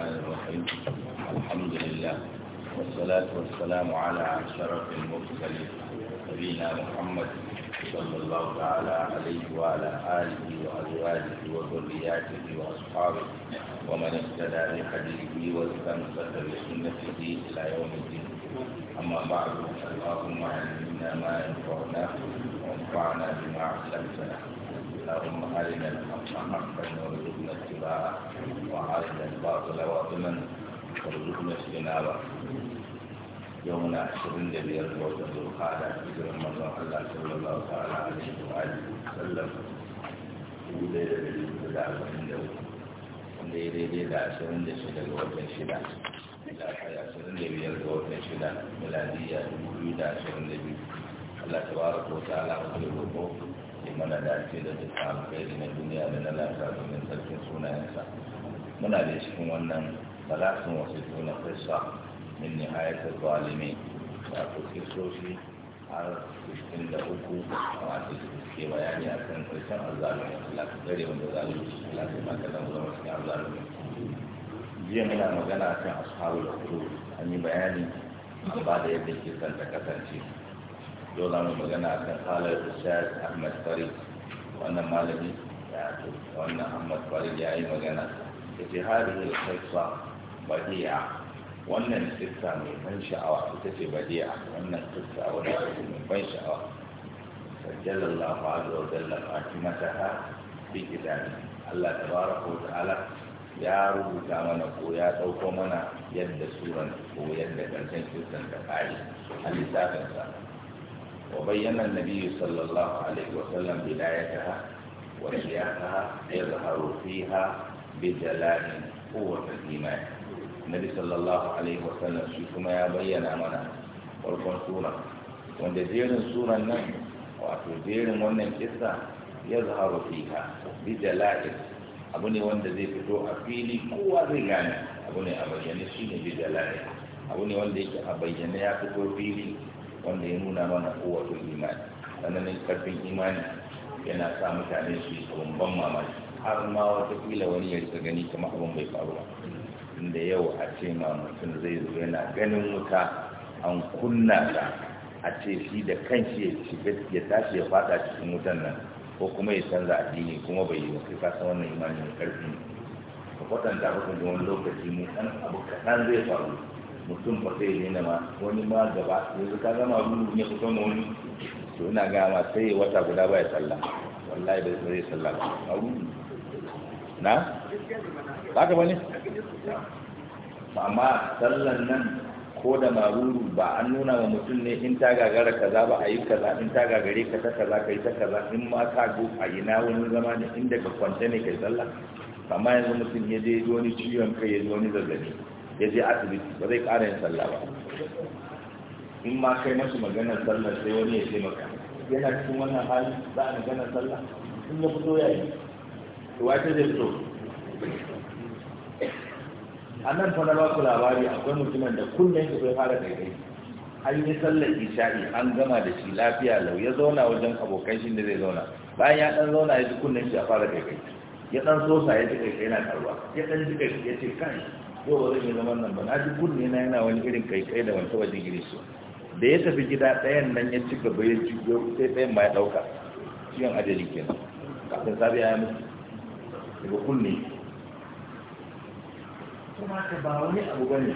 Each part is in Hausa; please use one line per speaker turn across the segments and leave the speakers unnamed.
الرحمن الرحيم الحمد لله والصلاة والسلام على شرف المرسلين نبينا محمد صلى الله تعالى عليه وعلى آله وأزواجه وذرياته وأصحابه ومن اهتدى بحديثه واستمسك بسنته إلى يوم الدين أما بعد اللهم علمنا ما ينفعنا وانفعنا بما علمتنا اللهم علينا الحق حقا وارزقنا اتباعه وأرنا الباطل باطلا وارزقنا اجتنابه يومنا عشرين النبي وقت ذو القعدة في رمضان الله صلى الله تعالى عليه وآله وسلم وليلة بالبدع والهندو وليلة عشرين لشدة وقت شدة إلى عشرين لبيار وقت شدة ميلادية وجود عشرين لبيار الله تبارك وتعالى وكل الوقوف ya mana dace da duka alkhairi na duniya da na lafiya domin sarkin sunayensa muna da cikin wannan ba za su wasu tuna fissa min nihayatul zalimi da ku kisoshi har cikin da uku a wasu ke bayani a kan karshen azalumi Allah ka gare wanda zalunci Allah ka maka nan zama cikin azalumi jiya muna magana kan ashabul qurud an yi bayani ba da yadda ke san ta kasance yau za mu magana a kan halar rishad ahmad farid wannan malami ya ce wannan ahmad farid ya yi magana ya ce harin rishadsa badiya wannan kissa mai ban sha'awa ita ce badiya wannan kissa wani abu mai ban sha'awa sajjalallahu azza wa jalla fatimataha fi kitabi Allah tabaraka wa ta'ala ya rubuta mana ko ya ɗauko mana yadda suran ko yadda karshen kissan ta kare a littafin sa وبين النبي صلى الله عليه وسلم بدايتها وإياها يظهر فيها بجلال قوة الإيمان النبي صلى الله عليه وسلم شيكما يا بيان أمنا وركن سورة وأن جيرن سورة النبي وأتو جيرن وأن كسا يظهر فيها بجلال abune wanda zai fito a fili kowa zai gane abune a bayyane shine bi dalali abune wanda yake a bayyane ya fito fili wanda ya nuna mana kowace imani sannan karfin imani yana sa mutane su yi ban mamaki har ma watakila wani ya rika gani kama abin bai faru ba inda yau a ce ma mutum zai zo yana ganin wuta an kunna ta a ce shi da kan ya shiga ya tashi ya fada cikin wutan nan ko kuma ya canza addini kuma bai yi wa kai kasa wannan imanin karfi ka kwatanta kuka wani lokaci mu ɗan abu kaɗan zai faru mutum ba sai daina ma wani ma gaba yanzu ka gama ruru ne kusa ma wani to ina gama sai wata guda baya sallah wallahi da zai sallah ba a na ba ka bane amma sallan nan ko da maruru ba an nuna wa mutum ne in ta gagara kaza ba a yi kaza in ta gagare ka ta kaza ka yi ta kaza in ma ka go a yi na wani zama ne inda ka kwanta ne kai sallah amma yanzu mutum ya je wani ciwon kai ya zo wani zazzabi ya je asibiti ba zai ƙara yin sallah ba in ma kai masu maganar sallah sai wani ya taimaka yana cikin wannan hali za a maganar sallah in ya fito ya yi to wace zai fito a nan fa na ba ku labari akwai mutumin da kullum ya kai fara daidai an yi sallar isha'i an gama da shi lafiya lau ya zauna wajen abokan shi da zai zauna bayan ya dan zauna ya ji kunnen shi a fara daidai ya dan sosa ya ji kai yana karuwa ya dan ji kai ya ce kai yau ba zan zama zaman nan ba na ji kunne na yana wani irin kaikai da wanta wajen gire su da ya tafi gida ɗayan nan ya ci gaba ya ci sai ɗayan ma ya ɗauka ciwon ajali nan kafin sabi ya mutu daga kunne kuma ka ba wani abu ba ne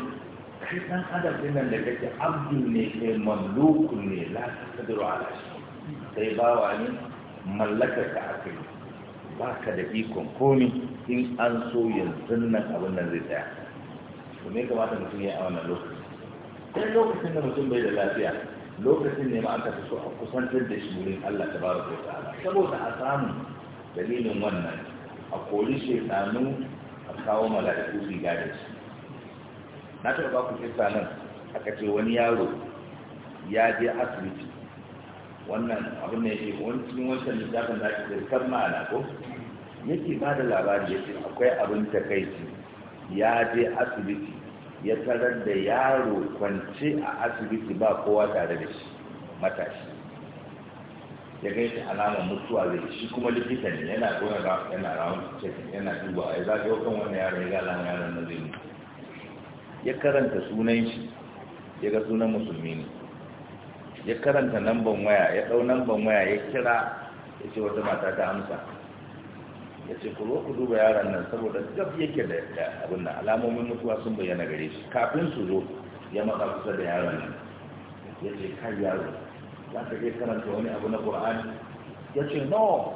kai ɗan adam ɗin nan da kake abdu ne kai mamlukun ne la ta kadiru ala shi sai bawa ne mallakar ka aka yi ba ka da ikon komi in an so yanzu nan abin nan zai tsaya to me kamata mutum ya a wannan lokaci dan lokacin da mutum bai da lafiya lokacin ne ma aka fi so a kusantar da shi wurin Allah ta bara ko ta'ala saboda a samu dalilin wannan a kori shekaru a kawo mala'iku su gada shi na taɓa ba ku kisa nan aka ce wani yaro ya je asibiti wannan abin ne ke cikin wancan littafin da ake karma ma'ana ko yake ba da labari ya ce akwai abin takaici ya je asibiti ya tarar da yaro kwance a asibiti ba kowa tare da shi matashi ya gan shi alamar mutuwa zai shi kuma likita ne yana gona yana rawun cikin yana duba ya zaga yau kan wani yaron ya ga alamar yaron na zai ya karanta sunan shi ya ga sunan musulmi ne ya karanta lamban waya ya ɗau namban waya ya kira ya ce wata mata ta amsa ya ce ku ku duba yaran nan saboda gab yake da abin nan alamomin mutuwa sun bayyana gare shi kafin su zo ya matsa kusa da yaran nan ya ce kai yaro za ka je karanta wani abu na qur'ani ya ce no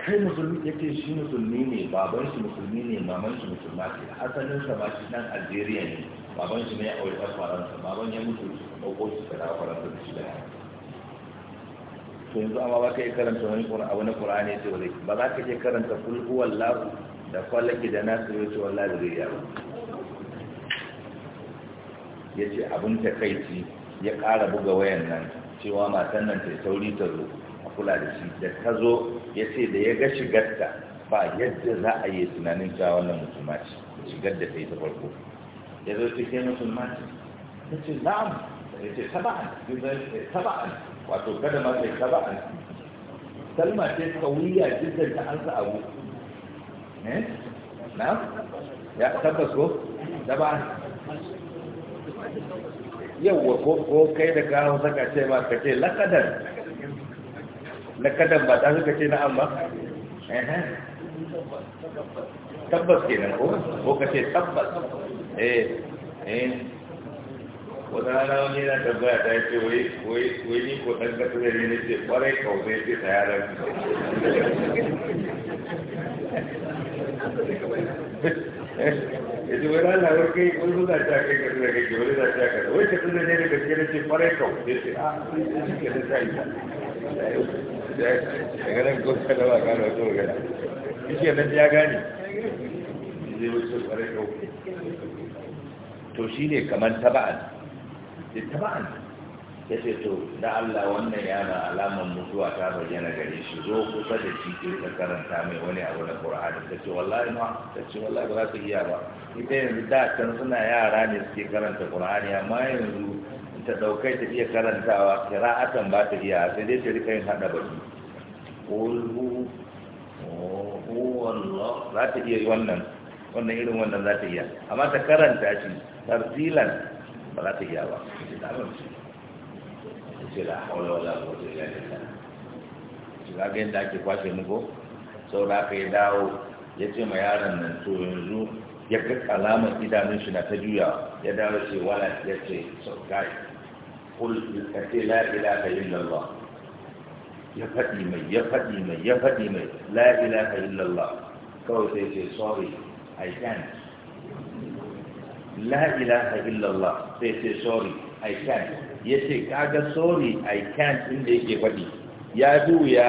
kai musulmi ya ce shi musulmi ne baban shi musulmi ne maman shi musulma ce asalin sa ma shi dan algeria ne baban shi ne a wajen faransa baban ya mutu ɗauko shi da faransa da shi da yaran. to yanzu amma ba ka yi karanta wani abu na ƙura'ani ya ce ba ba za ka iya karanta kulhuwar lafi da kwallaki da nasu ya ce wallahi ba zai ba ya ce abin ta ci ya ƙara buga wayan nan cewa matan nan ta sauri ta zo a kula da shi da ta zo ya ce da ya ga shigarta ba yadda za a yi tunanin cewa wannan musulma ce shigar da ta yi ta farko ya zo cikin musulma ce ta ce na'am ya ce taba'an wato kada ma sai kaba an kalma ce kawiya jiddan ta ansa abu ne eh? na ya tabbas ko da ba yawwa ko ko kai da ka hausa ce ba ka ce lakadan lakadan ba ta suka ce na amma eh, eh. tabbas kenan ko ko ka ce tabbas eh eh wata rana wani yana tambaya ta ce wai wai ni ko dan kasa da ne ce kwarai kauna ya ce ta yara ya ce wani ala wai kai wani zuwa ta kai kasa da kai wani zuwa ta kasa wai kasa da ne da gaske ne ce kwarai kauna ya ce a ke da ta yi ta daga nan ko ta gaba gano wata magana shi nan ya gane zai wuce kwarai kauna to shine kamar taba'an littaba'an ya ce to da Allah wannan yana alaman mutuwa ta bayyana gare shi zo kusa da shi ki rika karanta mai wani abu na Qur'ani ta ce wallahi ma ta ce wallahi ba za su iya ba ita yanzu da can suna yara ne suke karanta Qur'ani amma yanzu ta daukai ta iya karantawa kira'atan ba ta iya sai dai ta rika yin hada baki qul huwa za ta iya wannan wannan irin wannan za ta iya amma ta karanta shi tartilan ba ti ta iya ba ce la haula wala quwwata illa billah shi ga yadda ake kwashe mugo sau da aka yi dawo ya ce ma yaron nan to yanzu ya ga alamar idanun shi na ta juya ya dawo ce wala ya ce sau kai kul ka ce la ilaha illallah ya faɗi mai ya faɗi mai ya faɗi mai la ilaha illallah kawai sai ce sorry i can't la ilaha illallah sai sai sorry i can't ya ce kaga sorry i can't inda yake faɗi ya duya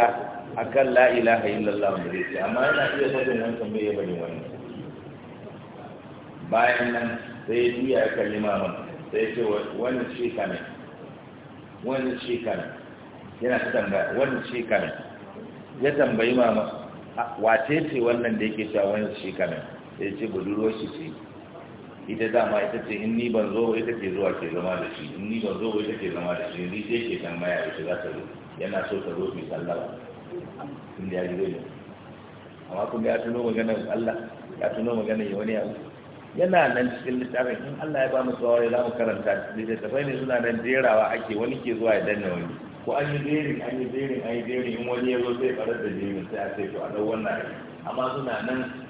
a kan la ilaha illallah wanda zai ce amma yana iya faɗin wancan ya faɗin wani bayan nan sai ya duya a kan limamin sai ya ce wani shi kanan wani shi kanan yana ta tambaya wani shi kanan ya tambayi mama wace ce wannan da yake cewa wani shi kanan sai ya ce budurwa shi ce ita dama ita ce in ni ban zo ita ke zuwa ke zama da shi in ni ban zo ita ke zama da shi ni sai ke kan maya ita za ta zo yana so ta zo mai sallama in ya zo ne amma kun ga ya tuno magana Allah ya tuno maganar wani abu yana nan cikin littafin in Allah ya ba mu tsawon ya mu karanta littattafai ne suna nan jerawa ake wani ke zuwa ya danna wani ko an yi jerin an yi jerin an yi jerin in wani ya zo sai farar da jerin sai a ce to a dau wannan amma suna nan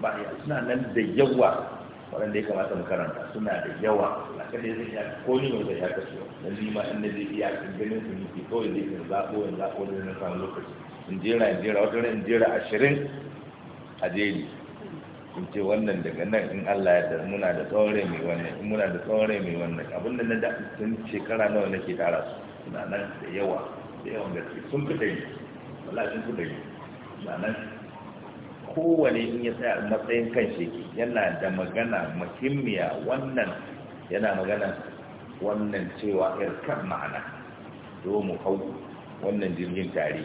bayan suna nan da yawa waɗanda ya kamata mu karanta suna da yawa na kan da zai ya ko ni zai ya kasu na lima in na zai iya ganin su nufi kawai zai kan zaɓo in zaɓo da na samun lokaci in jera in jera wata in jera ashirin a jeri in ce wannan daga nan in Allah ya dar muna da tsawon mai wannan in muna da tsawon mai wannan abin da na da tun shekara nawa nake tara su suna nan da yawa da yawan gaske sun fi ɗari wallahi sun fi ɗari suna nan kowane in ya tsaya matsayin kan shi yana da magana muhimmiya wannan yana magana wannan cewa kan ma'ana do mu hau wannan jirgin tare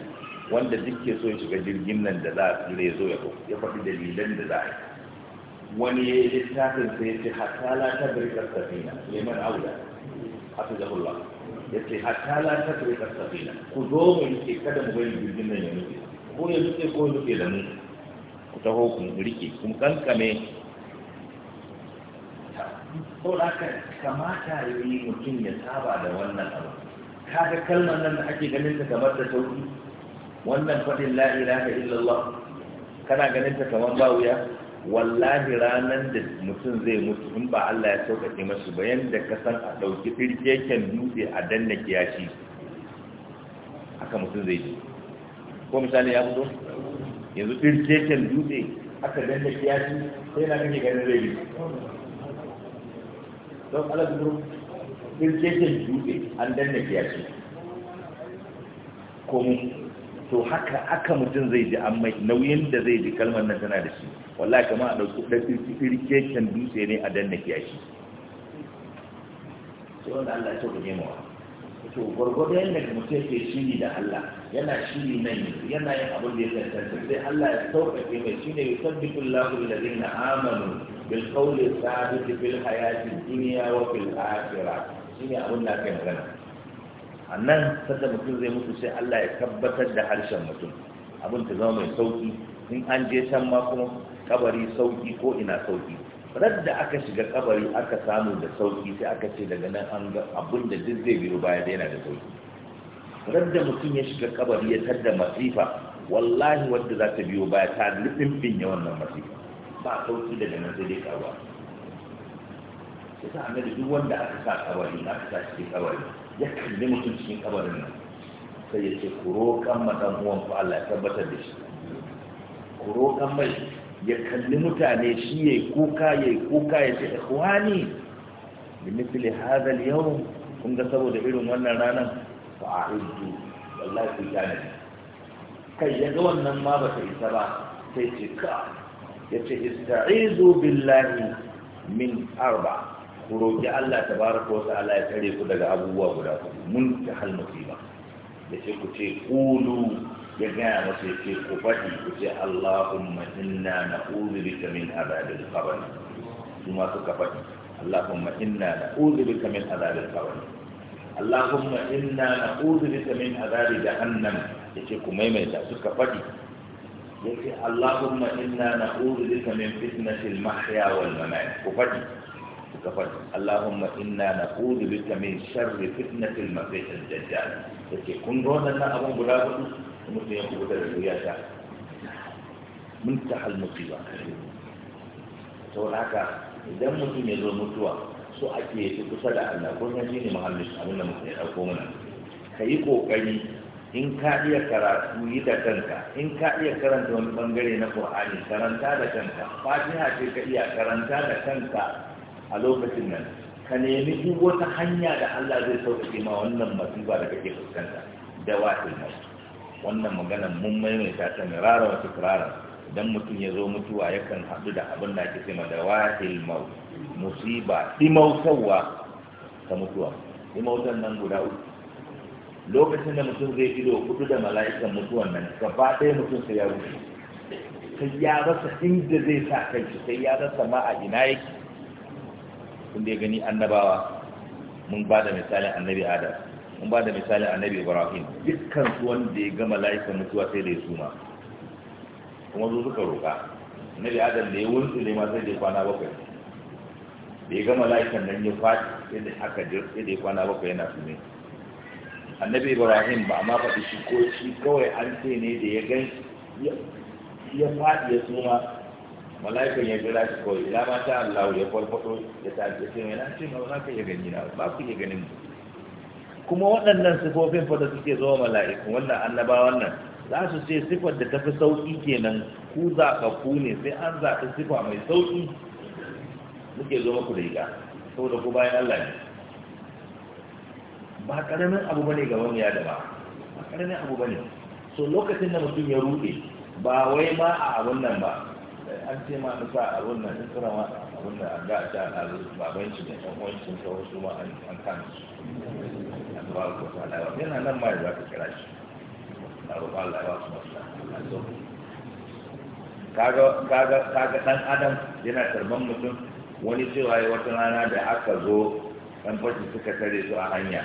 wanda duk ke so ya shiga jirgin nan da za a tsire zo ya ya faɗi dalilan da za a yi wani ya yi littafin sai ya ce hatta la ta birkar safina liman auda hafizahullah ya ce hatta la ta birkar safina ku zo mu yi kada mu bari jirgin nan ya nufi ko ya nufi ko ya nufi da mu taho kun rike kun kankame ko da ka kamata yi mutum ya saba da wannan abu kaga kalmar nan da ake ganin ta kamar da tauki wannan fadin la ilaha illallah kana ganin ta kamar ba wuya wallahi ranar da mutum zai mutu in ba Allah ya sauƙaƙe mashi ba yanda ka san a ɗauki firkeken dutse a danna kiyashi haka mutum zai ji ko misali ya fito yanzu ɗirkeken dutse aka danda kiyashi sai na kake ganin zai bi don ala duro ɗirkeken dutse an danda kiyashi komu to haka aka mutum zai ji an mai nauyin da zai ji kalmar nan tana da shi wallahi kamar a ɗauki ɗirkeken dutse ne a danda kiyashi sai wanda Allah ya ce ku nemawa to gwargwado yadda mutum ke shiri da Allah yana shiri nan yanzu yana yin abin da ya tantance sai Allah ya sauƙaƙe mai shine yusabbitu Allahu na amanu bil qawli thabit fil hayati dunya wa fil akhirah abin da aka magana nan, sanda mutum zai mutu sai Allah ya tabbatar da harshen mutum abin ta zama mai sauki in an je can ma kuma kabari sauƙi ko ina sauki radda aka shiga kabari aka samu da sauki sai aka ce daga nan an ga abin da duk zai biyo baya da yana da sauki radda mutum ya shiga kabari ya tadda masifa wallahi wadda za ta biyo baya ta lufin ya wannan masifa ba sauki daga nan sai dai karuwa sai ta annabi duk wanda aka sa kabari aka sa cikin kabari ya kalli mutum cikin kabarin nan sai ya ce ku roƙan madan uwan ku Allah ya tabbatar da shi ku roƙan mai ya kalli mutane shi ya yi kuka ya yi kuka ya ce ikhwani bi mithli hadha al-yawm kun ga saboda irin wannan ranar fa'iddu wallahi ku gane kai ya ga wannan ma ba ta isa ba sai ce ka ya ce ista'izu billahi min arba ku roƙi Allah tabaraka wa ta'ala ya tare ku daga abubuwa guda hudu mun ta hal musiba da ce ku ce qulu ya gaya masa ya ce ku faɗi ku ce Allahumma inna na'udhu bika min azabil qabr kuma suka faɗi Allahumma inna na'udhu bika min azabil qabr Allahumma inna na'udhu bika min azabi jahannam yace ku maimaita suka faɗi yace Allahumma inna na'udhu bika min fitnatil mahya wal mamat ku faɗi suka faɗi Allahumma inna na'udhu bika min sharri fitnatil masih ad-dajjal yace kun ga wannan abun guda hudu mutum ya kubuta da ya mun ta halmuki ba saboda haka idan mutum ya zo mutuwa so ake yi kusa da Allah ko san shine muhallin abin da mutum ya dauko mana yi ƙoƙari in ka iya karatu yi da kanka in ka iya karanta wani bangare na ƙur'ani karanta da kanka Fatiha ce ka iya karanta da kanka a lokacin nan ka nemi duk wata hanya da Allah zai sauƙaƙe ma wannan masifa da kake fuskanta da wa'il mutu wannan magana mun maimaita ta mirara wa tukrara idan mutum ya zo mutuwa yakan haɗu da abin da ake cewa da wahil mau musiba imautawa ta mutuwa imautan nan guda uku lokacin da mutum zai ido kudu da mala'ikan mutuwan nan gaba ɗaya mutum sai ya rufe sai ya rasa inda zai sa kai sai ya rasa ma a ina yake kun dai gani annabawa mun ba da misalin annabi adam mun ba da misali annabi ibrahim dukkan su wanda ya gama laifin mutuwa sai da ya suma kuma zo suka roƙa annabi adam da ya wuce ne ma sai da ya kwana bakwai da ya gama laifin nan ya faɗi sai da aka je sai da ya kwana bakwai yana sume annabi ibrahim ba amma faɗi shi ko shi kawai an ce ne da ya gan ya faɗi ya suma mala'ikan ya jira shi kawai ila ma ta allahu ya farfaɗo ya ta ce mai na ce ma ba ka iya gani na ba ku iya ganin mu kuma waɗannan sifofin fa da suke zo mala'iku wannan annabawan nan za su ce sifar da tafi sauki kenan ku zaɓaɓɓu ne sai an zaɓi sifa mai sauki muke zo maku da ita saboda ku bayan Allah ne ba karamin abu bane ga wani ya da ba karamin abu bane so lokacin da mutum ya rufe, ba wai ma a abun nan ba an ce ma nufa a wannan in tsira ma abun da an ga a ta baban shi da ɗan uwancin sa wasu ma an kan su tabaraka wa ta'ala ba yana nan ma za ka kira shi na roƙon Allah ya wasu masu Allah zo kaga kaga kaga dan adam yana tarban mutum wani cewa ya wata rana da aka zo ɗan fashi suka tare su a hanya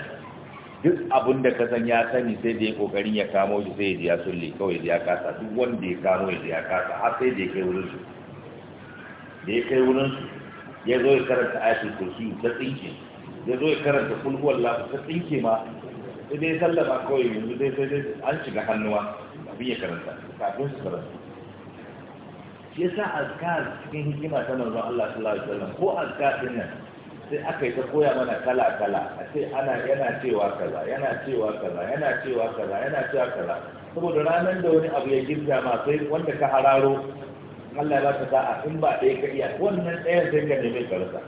duk abin da ka san ya sani sai da ya kokarin ya kamo shi sai ya ji ya sulle kawai da ya kasa duk wanda ya kamo ya ji ya kasa har sai da ya kai wurin su da ya kai wurin su ya zo ya karanta ayatul kursi ta tsinke ya zo ya karanta kulhuwar lafi ta tsinke ma sai dai sallama kawai yanzu dai sai dai an shiga hannuwa abin ya karanta kafin su karanta shi yasa azkar cikin hikima ta manzon Allah sallallahu alaihi wasallam ko azkar din nan sai aka yi ta koya mana kala kala a ce ana yana cewa kaza yana cewa kaza yana cewa kaza yana cewa kaza saboda ranar da wani abu ya girza ma sai wanda ka hararo Allah ya ba ka sa'a in ba ɗaya ka iya wannan ɗayan sai ka nemi karasa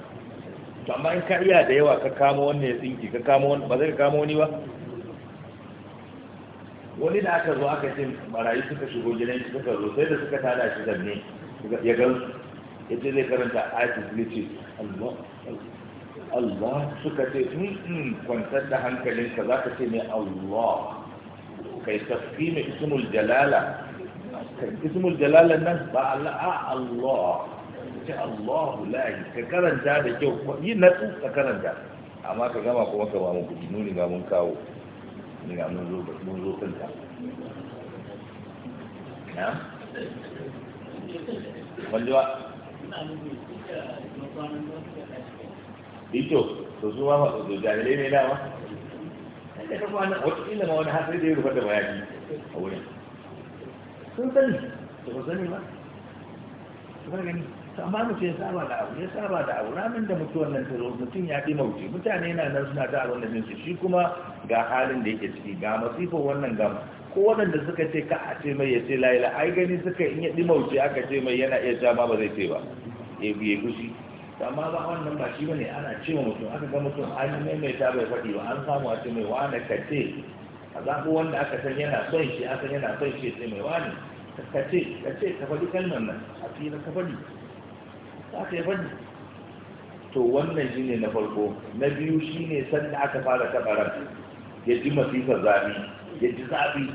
to amma in ka iya da yawa ka kama wannan ya tsinki ka kama wani, ba zai ka kama wani ba wani da aka zo aka ce marayu suka shigo gidan shi suka zo sai da suka tada shi zanne ya gan ya ce zai karanta ayatul kursi Allah Allah suka ce hmm, hmm, kwantar da hankalinka za ka ce ne Allah kai tafki mai ismul jalala ismul jalala nan ba Allah a Allah ce Allah la ka karanta da kyau yi na tsu ka karanta amma ka gama kuma ka ba mu kuɗi nuni ga mun kawo ni ga mun zo mun zo kan ta
na wallewa
dito to su ma su jahilai ne dama wata ila ma wani hasari da ya rufa da bayani a wurin sun sani da ba sani ba ba gani amma mutum ya saba da abu ya saba da abu ranar da mutuwar nan ta zo mutum ya fi mauce mutane na nan suna ta abin da sun shi kuma ga halin da yake ciki ga masifo wannan gama ko waɗanda suka ce ka a ce mai ya ce layila ai gani suka in ya ɗi mauce aka ce mai yana iya ja ba zai ce ba ya biye gushi amma ba wannan ba shi bane ana ce mutum aka ga mutum an maimaita bai faɗi ba an samu a ce mai wane ka ce a zaɓi wanda aka san yana son shi aka yana son shi ya ce mai wani ka ce ka ce ka faɗi kalmar nan a na ka faɗi za bane to wannan shine na farko na biyu shine sanda aka fara taɓa ya ji masifar zafi ya ji zafi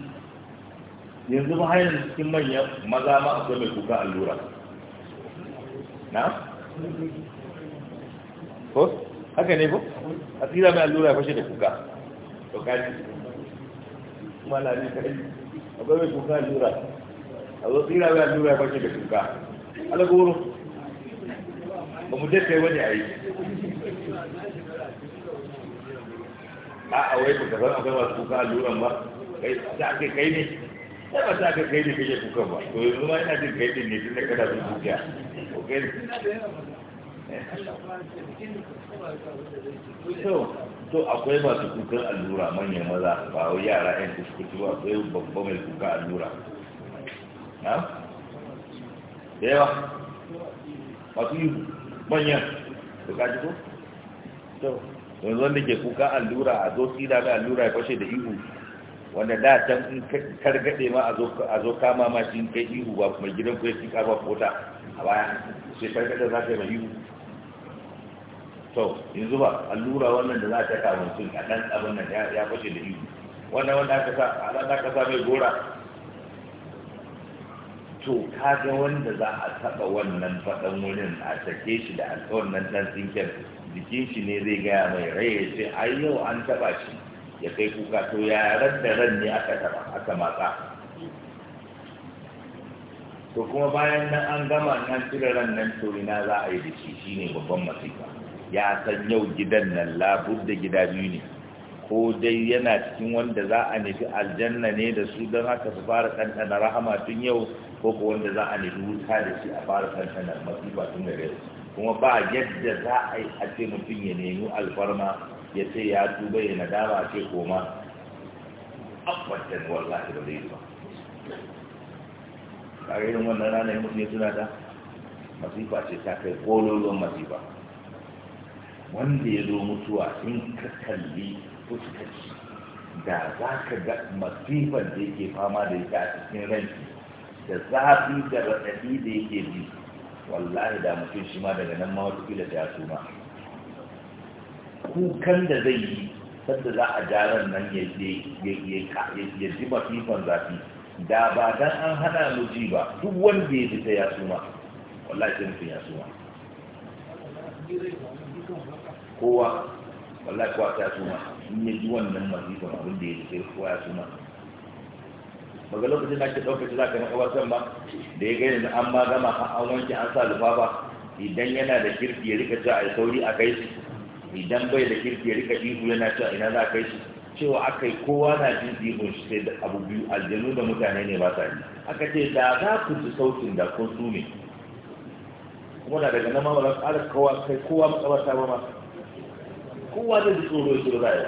yanzu ba hanyar cikin manyan maza ma a mai kuka allura na? ko? haka ne ko? a tsira mai allura ya fashe da kuka to kaji malami kai a mai kuka allura a zo tsira mai allura ya fashe da kuka
alagoro ba mu dai kai wani ayi
a a wai ka san akwai masu kuka alluran ba kai ta ake kai ne sai ba ta ake kai ne kake kuka ba to yanzu ma ina jin kai din ne tun da kana da dukiya
ko kai ne
to akwai masu kukan allura manyan maza ba wai yara yan kuskuci ba akwai babba mai kuka allura Na? da yawa masu yi manyan da kaji ko yanzu wanda ke kuka allura a zo tsira mai allura ya fashe da ihu wanda da can in targaɗe ma a zo kama ma shi kai ihu ba mai gidan ku ya ci karba kota a baya sai targaɗe za ta yi mai ihu to yanzu ba allura wannan da za ta kama mutum a ɗan abin nan ya fashe da ihu wannan wanda aka sa mai gora to kaga wanda za a taɓa wannan faɗan wurin a sake shi da alƙawar nan dan tsinken jikin shi ne zai gaya mai rai ya ce ai yau an taɓa shi ya kai kuka to yaran da ran ne aka taɓa aka matsa to kuma bayan nan an gama nan cire ran nan to ina za a yi da shi shine babban masifa ya san yau gidan nan labudda gida biyu ne ko dai yana cikin wanda za a nufi aljanna ne da su don haka su fara ɗanɗana rahama tun yau ko ko wanda za a nemi wuta da shi a fara tantana masifa tun da rai kuma ba yadda za a yi a mutum ya nemi alfarma ya ce ya tuba ya nadama ce koma abbatan wallahi ba zai ba kare irin wannan rana yi mutum ya suna ta masifa ce ta kai kololon masifa wanda ya zo mutuwa in ka kalli fuskaci da za ka ga masifar da yake fama da ita a cikin ranki da zafi da raɗaɗi da yake ji wallahi da mutum shi ma daga nan ma watakila ta su ma kukan da zai yi sadda za a jaran nan ya ji mafifan zafi da ba dan an hana mu ji ba duk wanda ya ji ta ya ma wallahi sai mutum ya ma kowa wallahi kowa ta su ma in ya ji wannan mafifan abin da ya ji sai kowa ya ma Baga lokacin da ake ɗaukaci za ka na can ba da ya gani na an ma gama a wanke an sa lufafa idan yana da kirki ya rika cewa a sauri a kai shi idan bai da kirki ya rika ihu yana cewa ina za a kai shi cewa aka yi kowa na jin ihun shi sai da abu biyu aljanu da mutane ne ba sa yi aka ce da za ku ji sautin da kun su ne kuma na daga nan ma ba za su ƙara kowa kai kowa ta ba ma kowa zai ji tsoro ya tsoro za a yi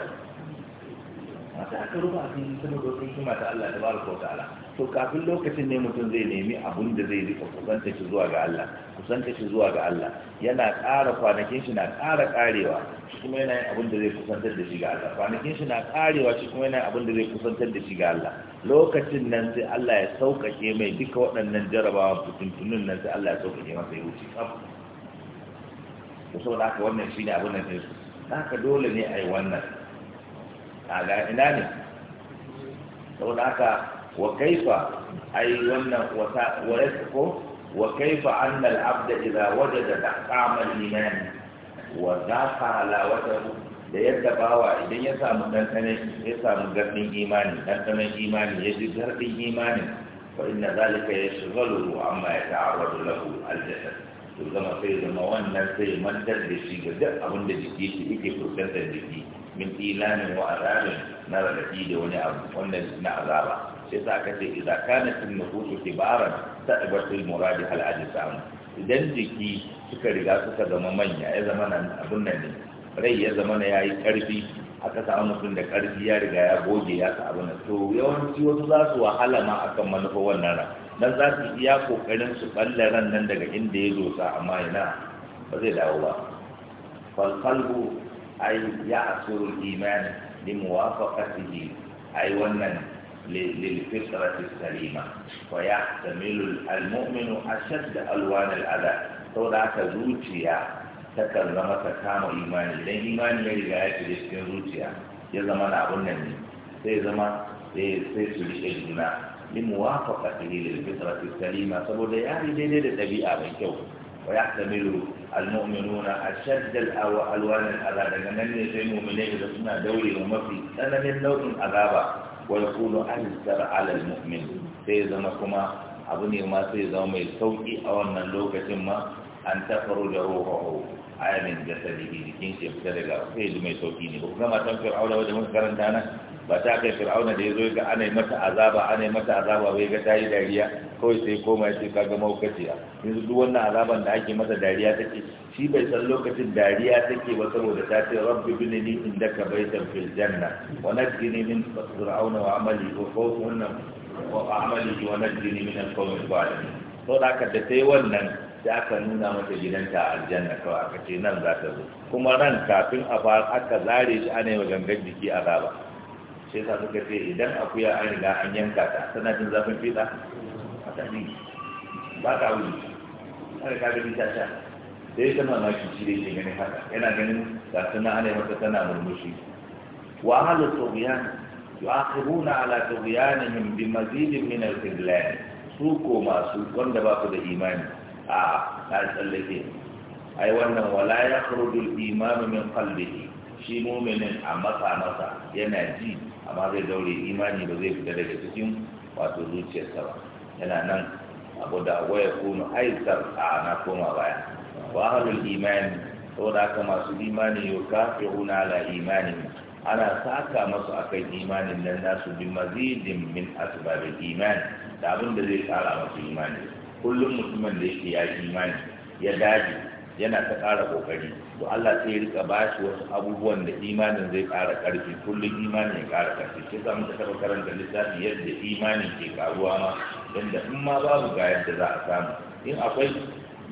masu aka ruba a kan saboda wata hikima ta Allah tabaraka wa ta'ala to kafin lokacin ne mutum zai nemi abun da zai rika kusanta shi zuwa ga Allah kusanta shi zuwa ga Allah yana ƙara kwanakin shi na ƙara ƙarewa shi kuma yana yin abun da zai kusantar da shi ga Allah kwanakin shi na ƙarewa shi kuma yana yin abun da zai kusantar da shi ga Allah lokacin nan sai Allah ya sauƙaƙe mai duka waɗannan jarabawa fitintunun nan sai Allah ya sauƙaƙe masa ya wuce tsaf. to saboda haka wannan shine abun nan sai haka dole ne a yi wannan ala ina ne saboda haka wa kaifa ai wannan wata wa ko wa kaifa anna al-abda idza wajada taqama al-iman wa zaqa halawatahu da yadda bawa idan ya samu dandanan ya samu gardin imani dandanan imani ya ji gardin imani fa inna zalika yashghaluhu amma yata'arradu lahu al-jasad to zama sai zama wannan sai mantar da shi ga duk abin da jiki shi yake fuskantar jiki min ilanin wa azabin na radadi da wani abu wannan na azaba sai sa aka ce idza kanat an-nufusu ta ta'ibatul muradi hal ajsam idan jiki suka riga suka zama manya ya zama nan abun nan ne rai ya zama na yayi karfi aka samu mutum da karfi ya riga ya goge ya sa abun to yawanci wasu za su wahala ma akan manufa wannan ran dan za su iya kokarin su balle ran nan daga inda ya dosa amma ina ba zai dawo ba fal أي يعصر الإيمان لموافقته أي ونن للفطرة السليمة ويحتمل المؤمن أشد ألوان الأذى تودع تزوجيا تكلم تكام إيمان لأن إيمان لله يتجسكن زوجيا يزمان أبنني سيزمان سيسل إجنا لموافقته للفطرة السليمة سبو دي أهل دي دي ويحتمل المؤمنون أشد الألوان العذاب لأن يسمى المؤمنين إذا كنا دوري ومفي أنا من نوع عذاب ويكون أيسر على المؤمن سيزم كما أبني ما سيزم السوء أو أن اللوكة ما أن تخرج روحه آية من جسده لكن شفتر لغا سيزم السوء كما تنفر أولا وجه من كرنتانا ba ta kai fir'auna da ya zo ga ana mata azaba ana mata azaba bai ga tayi dariya kawai sai koma ya ce ga maukaciya yanzu duk wannan azaban da ake mata dariya take shi bai san lokacin dariya take ba saboda ta ce rabbi binni indaka baitan fil janna wa najini min fir'auna wa amali wa fawqunna wa amali wa najini min al-qawmi al-zalimin to da ka da sai wannan sai aka nuna mata gidanta a aljanna kawai aka ce nan za ta zo kuma ran kafin a fara aka zare shi ana yi wa gangan jiki azaba sai sa suka ce idan akuya an riga an yanka ta tana jin zafin fita a tafi ba ta wuce har ka gani ta sha sai ta mamaki shi da yake ganin haka yana ganin ga suna ana mata tana murmushi wa ahlu tughyan yu'akhiruna ala tughyanihim bi mazidin min al-khidlan su ko masu wanda ba ku da imani a ta tsallake ai wannan wala yakhrudul imanu min qalbihi shi muminin a masa masa yana ji amma zai daure imani ba zai fita daga cikin wato zuciyarsa ba yana nan abu da waya kunu aisar a na koma baya wa halin imani saboda haka masu imani yau una ala imani ana saka masu akan imanin nan nasu bi mazidin min asbabil imani da abin da zai kara masu imani kullum mutumin da yake ya imani ya daji yana ta ƙara ƙoƙari to Allah sai ya rika ba shi wasu abubuwan da imanin zai ƙara ƙarfi kullum imanin ya ƙara ƙarfi za mu ta taɓa karanta littafi yadda imanin ke ƙaruwa ma don da in ma babu ga yadda za a samu in akwai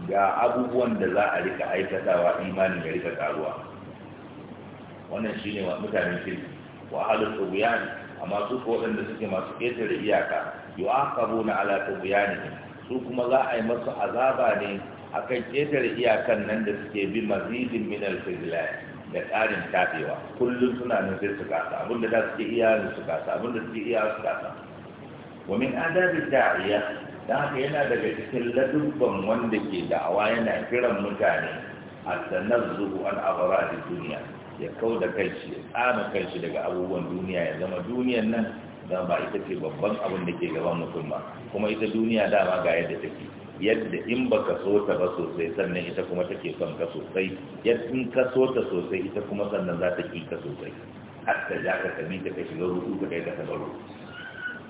ga abubuwan da za a rika aikatawa imanin ya rika ƙaruwa wannan shine ne mutanen kirki wa ahlul amma su ko waɗanda suke masu ƙetare iyaka yu'aqabuna ala ne, su kuma za a yi masu azaba ne A kan ƙetare iyakan nan da suke bi mazidin min alfizlai da ƙarin tafewa kullum suna nan sai su kasa abin da suke iya su kasa da suke iya su kasa wa min adabi da'iya da haka yana daga cikin ladubban wanda ke da'awa yana kiran mutane a tanazzuhu an abradi duniya ya kau da kanshi ya tsana kanshi daga abubuwan duniya ya zama duniyan nan da ba ita ce babban abin da ke gaban mutum ba kuma ita duniya dama ga yadda take yadda in ba ka so ta ba sosai sannan ita kuma ke son ka sosai yadda in ka so ta sosai ita kuma sannan za ta ki ka sosai hatta za ka sami ta ka shiga rudu ka kai ka saba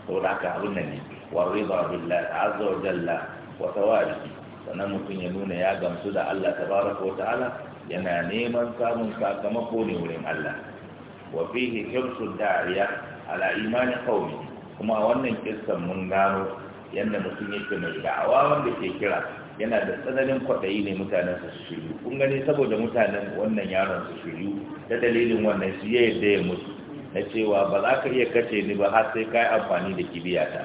to da ka abin nan ne wa riba billahi ta'azza wa jalla wa tawariki sannan mutum ya nuna ya gamsu da Allah tabaraka wa ta'ala yana neman samun sakamako ne wurin Allah wa fihi hibsu da'iya ala imani qaumi kuma wannan kissan mun gano yadda mutum yake mai da'awa wanda ke kira yana da tsananin kwaɗayi ne mutanen su shiryu kun gani saboda mutanen wannan yaron su shiryu ta dalilin wannan shi ya yadda ya mutu na cewa ba za ka iya kace ni ba har sai ka yi amfani da kibiyata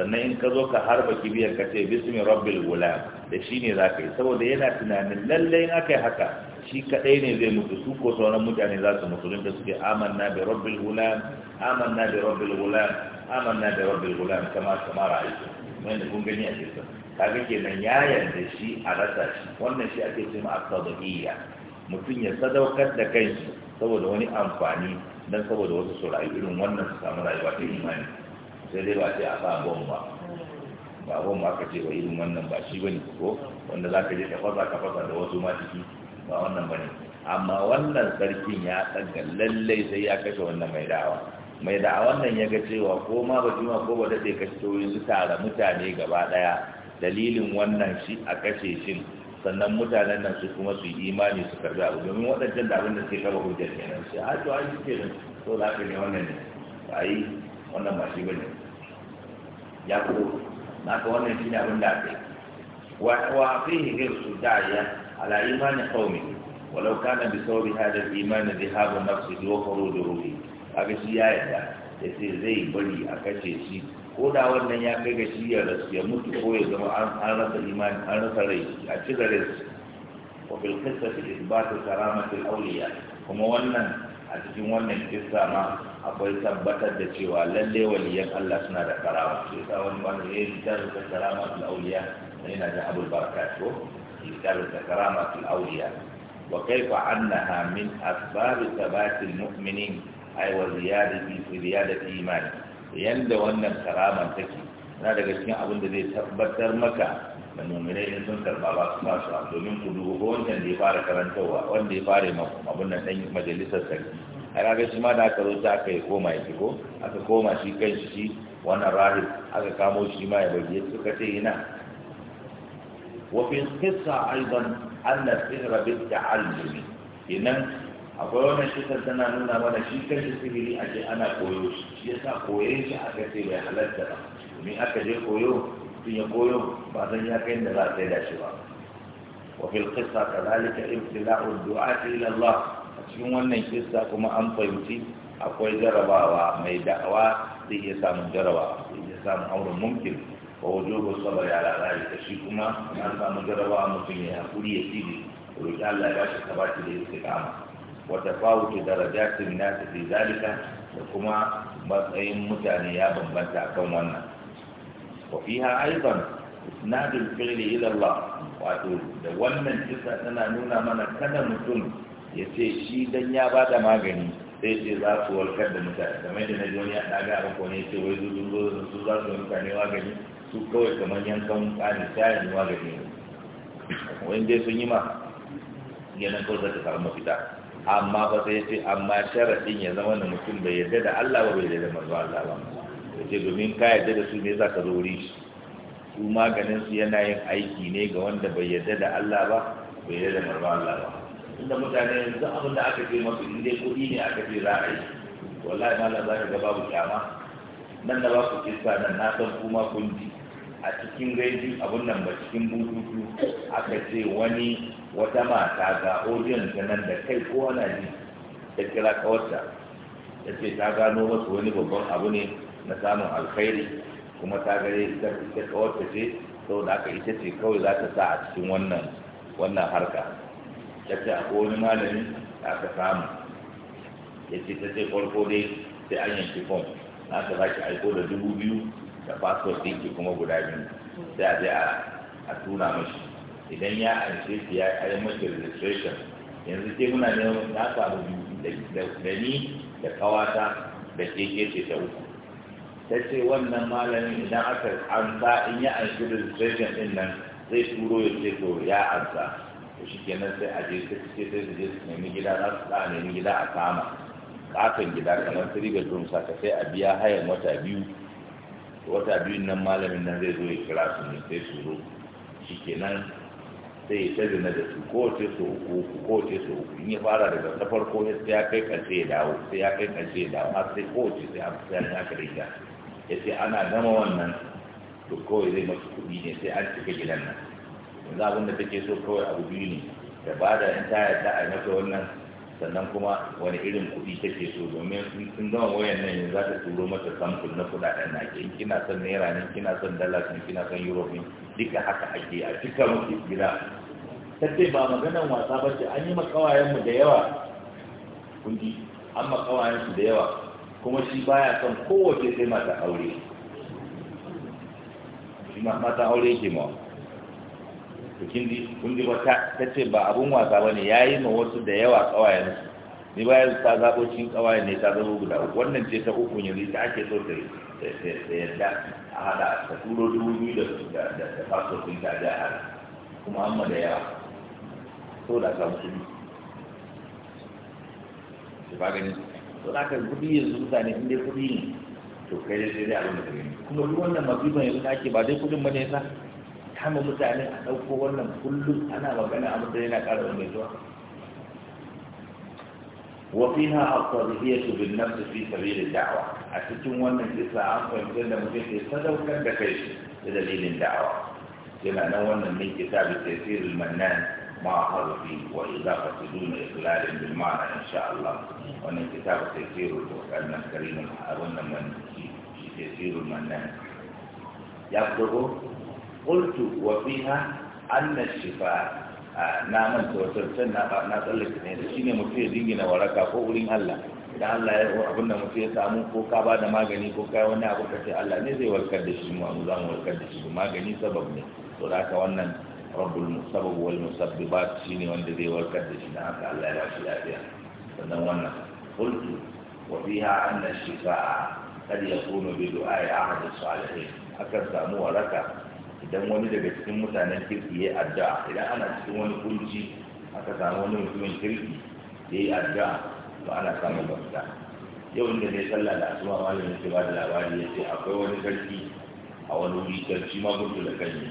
sannan in ka zo ka harba kibiyar ka ce bismi rabbil gulam da shi ne za ka yi saboda yana tunanin lallai in aka yi haka shi kaɗai ne zai mutu su ko sauran mutane za su mutu da suke amanna bi rabbil gulam amanna bi rabbil gulam amanna bi rabbil gulam kama kama ra'ayi wanda kun gani a cikin kaga kenan ya yarda shi a rasa shi wannan shi ake cewa as-sadaqiyya mutum ya sadaukar da kai saboda wani amfani dan saboda wasu su rayu irin wannan su samu rayuwa ta imani sai dai ba ce a ba bom ba ba bom ba ka ce ba irin wannan ba shi bane ko wanda zaka je ka fasa ka fasa da wasu ma ciki ba wannan bane amma wannan sarkin ya tsaga lallai sai ya kashe wannan mai da'awa. mai da a wannan ya ga cewa ko ma ba juma ko ba daɗe kashe su tara mutane gaba ɗaya dalilin wannan shi a kashe shin sannan mutanen nan su kuma su imani su karbi abu domin waɗancan da abin da suke kaba hujjar kenan sai a to an shi nan to da ne wannan ne ba yi wannan ba shi bane ya ko na ka wannan shi ne abin da ake wa wa fihi da da'iya ala imani qaumi walau kana bi sawbi hadha al-iman an nafsihi wa khuruju ruhi kaga shi ya yarda ya ce zai bari a kashe shi ko da wannan ya kai ga shi ya rasu ya mutu ko ya zama an rasa imani an rasa rai a ci da rai su wa bil kisa qissati ithbatu karamatil awliya kuma wannan a cikin wannan kisa ma akwai tabbatar da cewa lalle waliyan Allah suna da karama sai da wani ba ne yayin da suka karamatul awliya na da abul barakat ko da karamatul awliya وكيف أنها من أسباب ثبات المؤمنين ai wa ziyada fi imani yanda wannan karaman take na daga cikin abin da zai tabbatar maka da mu'minai ne sun karba ba su basu a domin ku dubu ko da ya fara karantarwa wanda ya fara maku abin nan dan majalisar sarki a kaga shi ma da aka zo ta aka yi koma ya ko aka koma shi kan shi wannan rahib aka kamo shi ma ya bari suka ce ina wa fi qissa aidan anna sihra bi ta'allumi inan akwai wannan kisan tana nuna mana shi shi sihiri a ce ana koyo shi ya sa koyon shi aka ce bai halatta ba domin aka je koyo tun ya koyo ba zan ya kai da za a sai da shi ba wa fil ta kadhalika ibtila'u du'ati ila Allah a cikin wannan kisa kuma an fahimci akwai jarabawa mai da'awa zai iya samun jarabawa zai iya samun auren mumkin ba saba ya lalari da shi kuma an samu jarabawa mutum ya hakuri ya tibi roki Allah ya bashi kabati da ya Amma. Wata وتفاوت درجات الناس في da kuma matsayin mutane ya bambanta akan wannan wa fiha aidan na fi'li ila Allah wato da wannan kisa tana nuna mana kada mutum ya ce shi dan ya ba bada magani sai ce za su warkar da mutane kamar da na joni ya ɗaga a ko ne ce wai zuzun zo su za su mutane magani su kawai kamar yankan kani shayin magani wani dai sun yi ma yanan kawai za ta samu mafita amma ba sai ce amma sharaɗin ya zama da mutum bai yarda da Allah ba bai yarda da manzo Allah ba ya ce domin ka yarda da su ne za ka zo wuri su maganin su yana yin aiki ne ga wanda bai yarda da Allah ba bai yarda da manzo Allah ba inda mutane yanzu abin da aka ce masu inda kuɗi ne aka ce za a yi wallahi malam za ka ga babu kyama nan da ba ku kisa nan na san kuma kun ji a cikin gaji abun nan ba cikin bututu aka ce wani wata mata ga odiyon ta nan da kai ko ana ji ta kira kawarta ta ce ta gano masu wani babban abu ne na samun alkhairi kuma ta gare ta ita kawarta ce saboda aka ita ce kawai za ta sa a cikin wannan wannan harka ta ce a wani malami da aka samu ya ce ta ce farko dai sai an yanki fom na aka za ki aiko da dubu biyu da passport din ki kuma guda biyu sai a je a tuna mashi idan ya anshe shi ya kai mashi registration yanzu ke muna ne na samu da ni da kawata da keke ce ta uku ta ce wannan malamin idan aka ansa in ya anshi registration din nan zai turo ya ce to ya ansa to shi kenan sai a je ta ce sai su je su nemi gida za su sa nemi gida a kama katon gida kamar three bedroom saka sai a biya hayan wata biyu wata biyun nan malamin nan zai zo ya kira su ne sai su zo nan sai ya tazi na da su kowace su uku uku kowace su uku in ya fara daga ta farko ya sai ya kai karshe ya dawo sai ya kai karshe ya dawo har sai kowace sai a fita ya kare da ya ce ana gama wannan to kawai zai masu kuɗi ne sai an cika gidan nan yanzu abin da take so kawai abu biyu ne da ba da in ta yarda a yi masa wannan sannan kuma wani irin kuɗi take so domin sun gama wayan nan yanzu za ta turo mata samfur na kuɗaɗen na ke kina son naira ne kina son dala ne kina son euro ne duka haka ake a cika muke gida sai ba maganan wasa ba ce an yi makawayen mu da yawa kundi an makawayen su da yawa kuma shi baya son kowace sai mata aure shi mata aure yake mawa to kin kun ji wata tace ba abun wasa bane yayi ma wasu da yawa kawayen su ni yanzu ta zabo cin kawayen ne ta zabo guda uku wannan ce ta uku ne ta ake so ta ta yadda a hada ta turo dubu biyu da da ta passport din ta da hada kuma amma da yawa so da ka mutu ki ba gani to da ka gudi yanzu mutane in dai kudi ne to kai dai dai abin da kai kuma duk wannan mafi ban yanzu ake ba dai kudin ne sa kama mutane a ɗauko wannan kullum ana magana abin da yana ƙara mai zuwa وفيها الطبيعية بالنفس في سبيل الدعوة أتتم وانا الإسلام عفوا يمكن مجلس صدو كان بكيش بدليل الدعوة كما نونا من كتاب تأثير المنان مع حرفي وإضافة دون إخلال بالمعنى إن شاء الله ومن كتاب تأثير القرآن الكريم وانا من تأثير المنان يبدو qultu wafiha fiha anna na manta wata na na tsallake ne da shine mutum ya dingina waraka ko wurin Allah idan Allah ya yi abin da mutum ya samu ko ka ba magani ko ka wani abu ka Allah ne zai warkar da shi mu za mu warkar da shi magani sabab to da haka wannan rabbul musabab wal musabbibat shine wanda zai warkar da shi dan Allah ya shi a sannan wannan qultu wa fiha samu waraka idan wani daga cikin mutanen kirki ya yi addu'a idan ana cikin wani kunci aka samu wani mutumin kirki ya yi addu'a to ana samun mafita yau inda ne sallah da asuma malamin ke ba da labari ya ce akwai wani sarki a wani wuri sarki ma gudu da kan yi.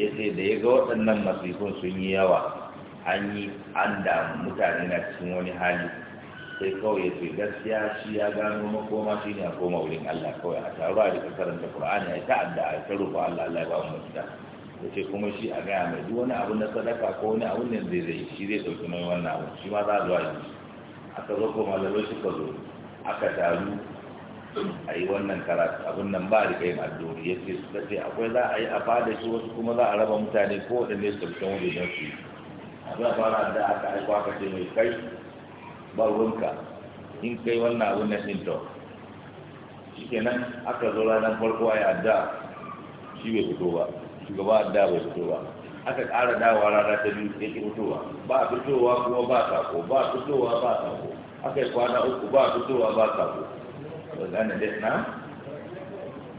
ya ce da ya ga waɗannan masifin sun yi yawa an yi an damu mutane na cikin wani hali sai kawai ya ce gaskiya shi ya gano makoma shi ne a koma wurin Allah kawai a taruwa da ka karanta Qur'ani ya ta adda ai ta roƙo Allah Allah ya ba mu mafita ya ce kuma shi a gaya mai duk wani abu na sadaka ko wani abu ne zai zai shi zai ɗauki mai wannan abu shi ma za a zuwa shi aka zo ko malamai suka zo aka taru a yi wannan karatu abin nan ba riƙa yin addu'o'i ya ce da ce akwai za a yi a fada shi wasu kuma za a raba mutane ko waɗanne su ɗauki don su yi a fara da aka aiko aka ce mai kai ba ruwanka in kai wannan abin na ɗin to shi nan aka zo ranar farko a yadda shi bai fito ba shugaba a adda bai fito ba aka ƙara dawa rana ta biyu ya ƙi fitowa ba fitowa kuma ba sako ba fitowa ba sako aka yi kwana uku ba fitowa ba sako ba gane dai na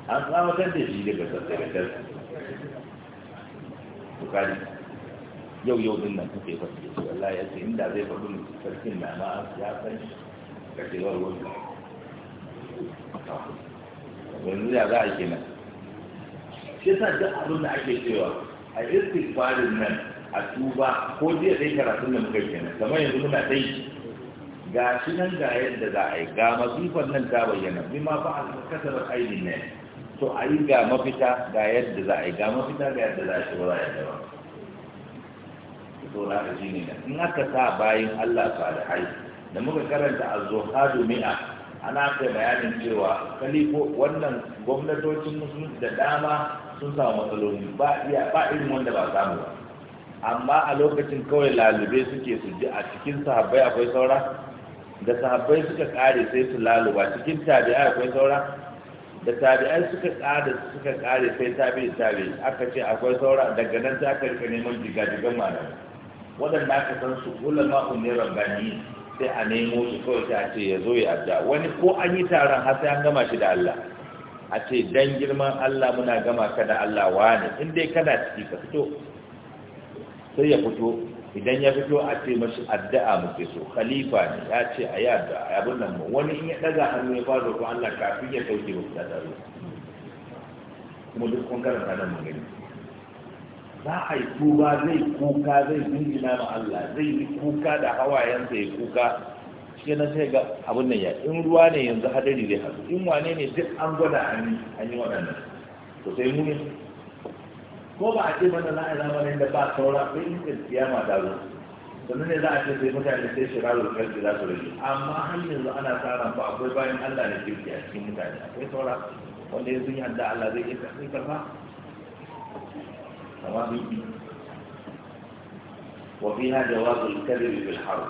an tsawatar da shi daga sassa da kari yau yau din nan kake fasu da su Allah ya ce inda zai faɗi mu sarkin na ma ya san shi da cewar wanda yanzu ya za a ke nan shi sa duk abin da ake cewa a istighfarin nan a tuba ko jiya dai karatun da muka kenan kamar yanzu muna dai ga shi nan ga yadda za a yi ga masifar nan ta bayyana bi ma ba a kasar aini ne to a yi ga mafita ga yadda za a yi ga mafita ga yadda za a shi ba za a yi ba saura a aji ne in aka sa bayan Allah salihai da muka karanta az-zuhadu mi'a ana ta bayanin cewa kalifo wannan gwamnatocin musulunci da dama sun samu matsaloli ba iya ba irin wanda ba samu ba amma a lokacin kawai lalube suke su ji a cikin sahabbai akwai saura da sahabbai suka kare sai su laluba cikin tabi'ai akwai saura da tabi'ai suka kare suka kare sai tabi'i tabi'i aka ce akwai saura daga nan za ka rika neman jigajigan malamai waɗanda aka san su ku ne rabbani sai a nemo shi kawai sai a ce ya zo ya ja wani ko an yi taron har sai an gama shi da Allah a ce dan girman Allah muna gama ka da Allah wani in dai kana ciki ka fito sai ya fito idan ya fito a ce mashi addu'a muke so khalifa ne ya ce a yi addu'a abin nan mu wani in ya daga hannu ya fara ko Allah kafin ya sauke musu da tsaro kuma duk kun karanta nan za a yi tuba zai kuka zai jingina ma Allah zai yi kuka da hawayensa ya kuka shi na sai ga abin nan ya in ruwa ne yanzu hadari zai haɗu in wane ne duk an gwada an yi an yi waɗannan to sai mu ne ko ba a ce mana za a zamanin da ba saura sai in ma ta zo sannan ne za a ce sai mutane sai shirarul kalbi za su rage amma har yanzu ana tsara ba akwai bayan Allah da ke a cikin mutane akwai saura wanda yanzu yi hadda Allah zai iya karfa تمام وفيها جواز الكذب في الحرب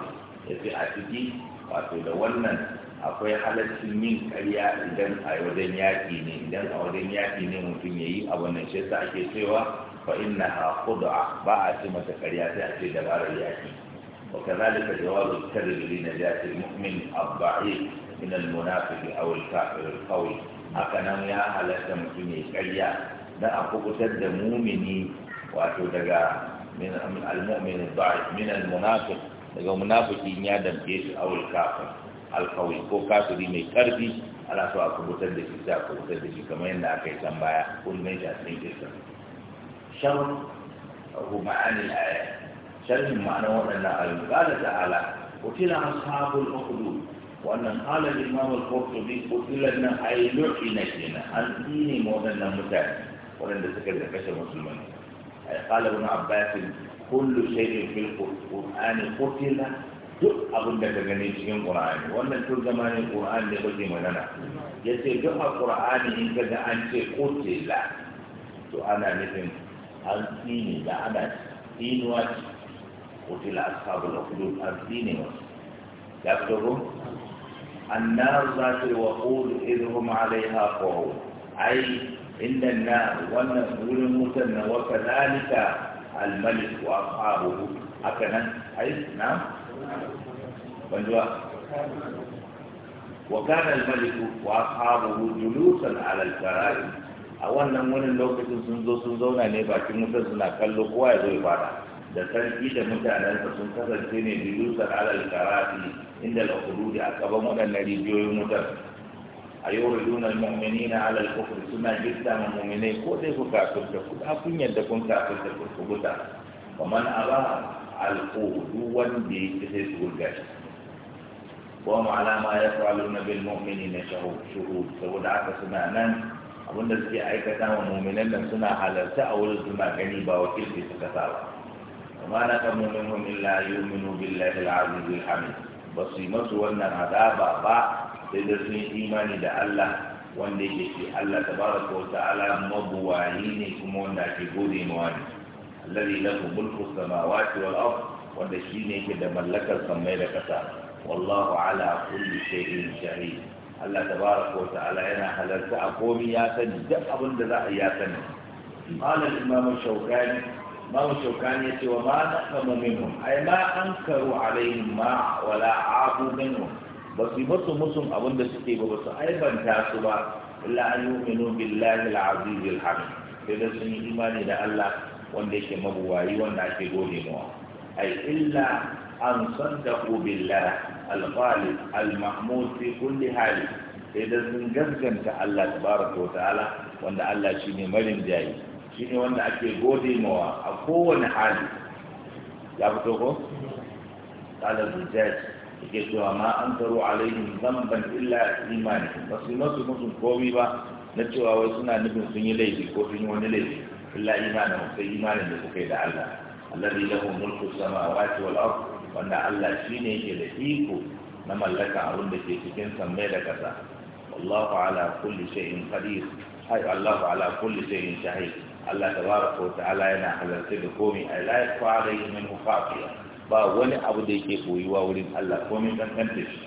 يجي عتدي وتدولنا akwai halaccin yin karya idan a wajen yaƙi ne idan a wajen yaƙi ne mutum ya yi abu nan shi ake cewa fa inna ha khud'a ba a ce mata karya sai a ce dabarar yaƙi wa kadhalika jawabu kadhibi li najati al-mu'min ad-da'if min al-munafiq aw al-kafir al-qawi haka nan ya halatta mutum ya karya لا أقول سد مؤمني وأتو دقا من المؤمن الضعيف من المنافق دقا منافق ينادم جيش أو الكافر القوي كو كافر دي مي كاردي على سواء أقول سد جزا أقول سد جزا كما يندى أكي سنبايا كل من جاء سنين جزا شرم هو معاني الآية شرم معنى وأننا قال تعالى قتل أصحاب الأخدود وأن قال الإمام القرطبي قتل أن أي لعنة أن ديني مودنا متاكد waɗanda suka da kashe musulmai قال ابن عباس كل شيء في القرآن قتل duk abin da ka gani cikin ƙur'ani wannan tun zama ne ƙur'ani da kuke magana ya ce duk a ƙur'ani in ka ga an ce kotela to ana nufin an tsini da ana tsinuwa ce kotela a sabu da kudu an tsini wasu ya fito ko annar za ta yi wa ƙudu idan kuma alaiha ƙoro ai inda na wannan wurin mutan na wata zalika almalik wa ashabuhu haka nan ai na banjuwa wa kana almalik wa ashabuhu julusan ala a wannan wurin lokacin sun zo sun zauna ne bakin mutan suna kallo kowa ya zo ya fara da sarki da mutanensa sun kasance ne julusan ala alfara'id inda al da a gaban waɗannan rijiyoyin mutan a yi wuriduna mu'mini na alal kufur suna gista ma mu'minai ko dai ku kafirta ku da kun yadda kun kafirta ku ku guta wa man aba alqudu wanda ya sai su gurga shi wa ma alama ya fa'alu na bil mu'minina shuhud saboda haka suna nan abinda suke aikata wa mu'minan nan suna halarta a wurin suna gani ba wakilci suka sa ba amma na kan mu'minun illa yu'minu billahi al-aziz al-hamid basu yi masu wannan azaba ba sai da sun yi imani da Allah wanda yake ce Allah tabaraka wa ta'ala mabuwayi ne kuma wanda ake gode ma wani alladhi lahu mulku samawati wal ard wanda ne yake da mallakar sammai da kasa wallahu ala kulli shay'in shahid Allah tabaraka wa ta'ala yana halarta a komai ya sani duk abin da za a ya sani Malam الإمام Shaukani الإمام الشوكاني يقول وما نقم منهم أي ما أنكروا عليهم ma wala عابوا ba su yi musu musun abin da suke ba su aibanta su ba illa an yu'minu billahi al-aziz al-hamid sai da sun yi imani da Allah wanda yake mabuwayi wanda ake gode mawa ai illa an saddaqu billahi al-ghalib al-mahmud fi kulli hali sai da sun gaskanta Allah tabaraka wa ta'ala wanda Allah shine marin jayi shine wanda ake gode mawa a kowane hali ya fito ko قال الزجاج yake cewa ma an taro alaihim zamban illa imani ba su komi ba na cewa wai suna nufin sun yi laifi ko sun yi wani laifi illa imani sai imanin da suka yi da Allah alladhi lahu mulku samawati wal ard wanda Allah shine yake da iko na mallaka abin da ke cikin sammai da kasa wallahu ala kulli shay'in qadir hay Allahu ala kulli shay'in shahid Allah tabaraka wa ta'ala yana halarta da komi ay la yaqwa alayhi min khafiya ba wani abu da yake koyuwa wurin Allah min kankanta shi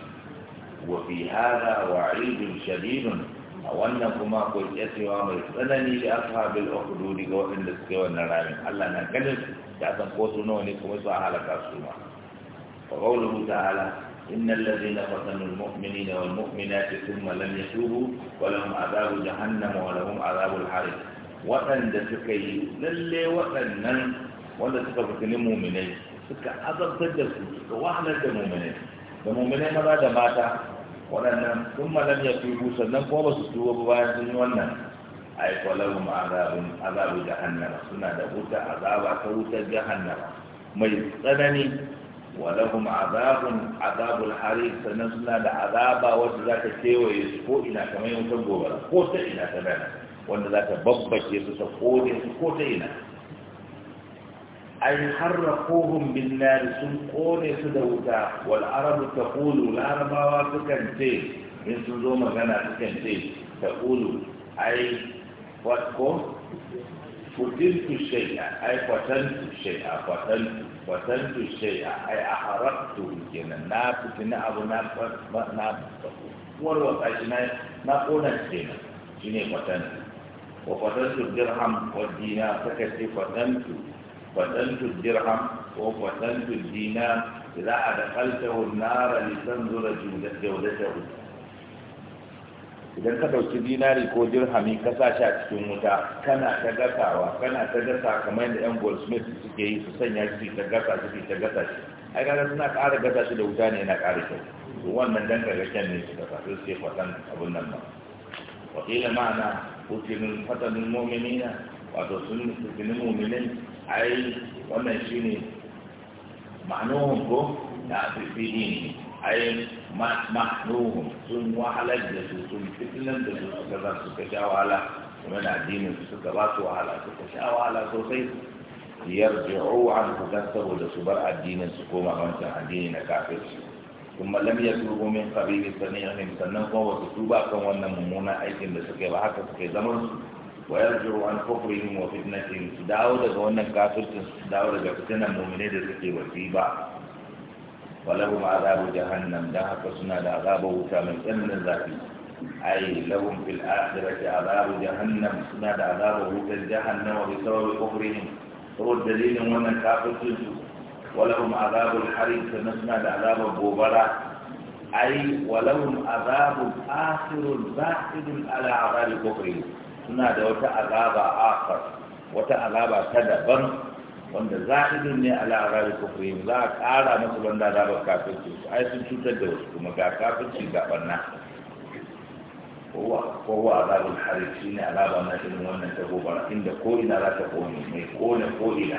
wa fi hada wa'idun shadidun a wannan kuma akwai tsayawa mai tsanani da ashabil ukhdud ga waɗanda suke wannan ramin Allah na ganin da san ko su nawa ne kuma su halaka su ma fa qawluhu ta'ala innal ladina fatanu al mu'minina wal mu'minati thumma lam yatubu wa lahum adhabu jahannam wa lahum adhabul harib waɗanda suka yi lalle waɗannan wanda suka fitini mu'minai suka azabtar da su suka wahalar da mummune da mummune ba da mata waɗannan sun malam ya tubu sannan kuma ba su tuwo ba bayan sun yi wannan ai kwalahum azabun azabu jahannama suna da wuta azaba ta wutar jahannama mai tsanani walahum azabun azabul hari sannan suna da azaba wanda za ta kewaye su ko ina kamar wutar gobara ko ta ina ta dana wanda za babbace su ta kone ko ta ina أي حرقوهم بالنار سن قولي سدوتا والعرب تقول العرب وتكنتي من سنزوم غنى تكنتي تقول أي واتكم قتلت الشيء أي قتلت الشيء قتلت قتلت الشيء أي أحرقت أحرقته كنا نابت نعب نابت نابت والوقت عشان نقول كنا شنو قتلت وقتلت الدرهم والدينار فكتي قتلت وثلث الدرهم وثلث الدينار إذا أدخلته النار لتنظر جودته idan ka ɗauki dinari ko dirhami ka sa shi a cikin wuta kana ta gasawa kana ta gasa kamar da yan goldsmith suke yi su sanya shi ta gasa shi ta gasa shi ai kaga suna ƙara gasa shi da wuta ne yana ƙara kyau to wannan dan kaga kyan ne su gasa sai sai fatan abun nan ba wa qila ma'ana utinul fatanul mu'minina wato sun fitinin mu'minin ai wannan shi ne ma'anohun ko da fi yi ne ai ma'anohun sun wahalar da su sun fitinan da su suka za su ka sha wahala kuma da addinin su suka ba su wahala su ka sha wahala sosai biyar jiru an fitar saboda su bar addinin su koma wancan addini na kafirci kuma lam ya turbo min kabi sani'in sannan kuma wasu su tuba kan wannan mummunan aikin da suka yi ba haka suke zaman su ويرجعوا عن كفرهم وفتنتهم داود قولنا كافر داود قولنا مؤمنين رزقي وكيبا ولهم عذاب جهنم دها فسنا لا غاب وسا من الذاتي اي لهم في الاخره عذاب جهنم سنا لا غاب جهنم وبسبب كفرهم هو الدليل ان كافر ولهم عذاب الحريم فنسنا لا الغبراء اي ولهم عذاب اخر باقد على عذاب كفرهم suna da wata azaba akhar wata azaba ta daban wanda za'idun ne ala arabi kufrihim za a ƙara masu banda azabar kafirci su ai sun cutar da wasu kuma ga kafirci ga banna kowa azabin harif shi ne azaba na shi wannan ta gobara inda ko za ta kone mai kone ko ina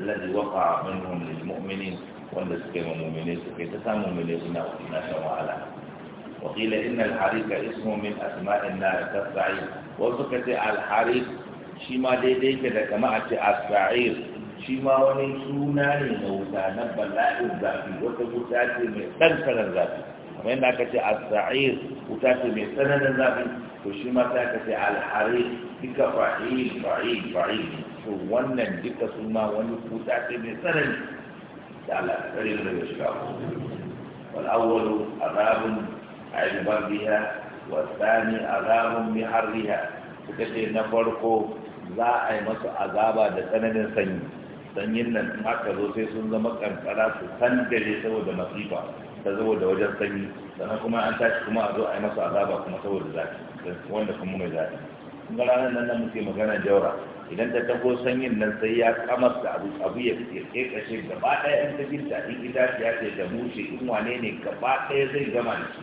waka waqa minhum lil mu'minin wanda suke ma mu'minin suke ta samun mu'minin suna shan wahala وقيل إن الحريق اسم من أسماء النار كالسعير وسكت الحريق شما دي دي كما أتي السعير شما وني سوناني نوتا نبا لا الزافي وتبوتاتي من سلسل الزافي kamar yadda aka ce a sa'ir wuta ce mai tsananin zafi to shi ma sai aka ce alhari duka fa'il fa'il fa'il wannan duka su ma wani mai da da azabun bi harriya عذاب ce na farko za a yi masu azaba da tsananin sanyi sanyin nan in aka zo sai sun zama kankara su san dare saboda masifa ta saboda wajen sanyi sannan kuma an tashi kuma a zo a yi masu azaba kuma saboda zafi wanda kuma mai zafi in ga ranar nan na muke magana jaura idan ta tago sanyin nan sai ya kamar da abu abu ya kashe gaba ɗaya in ta girta in itaciya ce ta bushe in wane ne gaba ɗaya zai gama da shi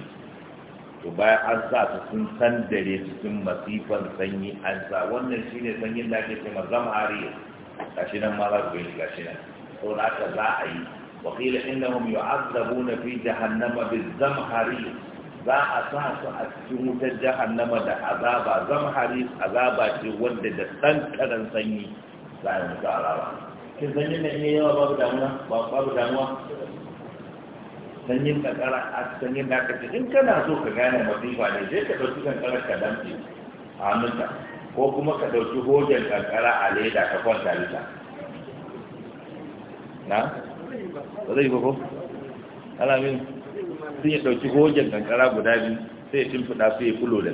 to bayan an sa su sun sandare cikin masifan sanyi an sa wannan shi ne sanyin da ake cewa zamhariya gashi nan ma za ku gani gashi nan sau da aka za a yi inda wakila innahum na fi jahannama bizamhari za a sa su a cikin wutar jahannama da azaba zamhari azaba ce wanda da ɗan dankaran sanyi za a yi musu azaba kin sanyin da in yawa babu damuwa babu damuwa sanyin da kara a sanyin da aka in kana so ka gane masifa ne sai ka ɗauki kankarar ka damce a hannunka ko kuma ka ɗauki hojen kankara a leda ka kwanta lita na ba zai ba ko alamin sun dauki ɗauki hojen kankara guda biyu sai ya shimfiɗa su ya kulo da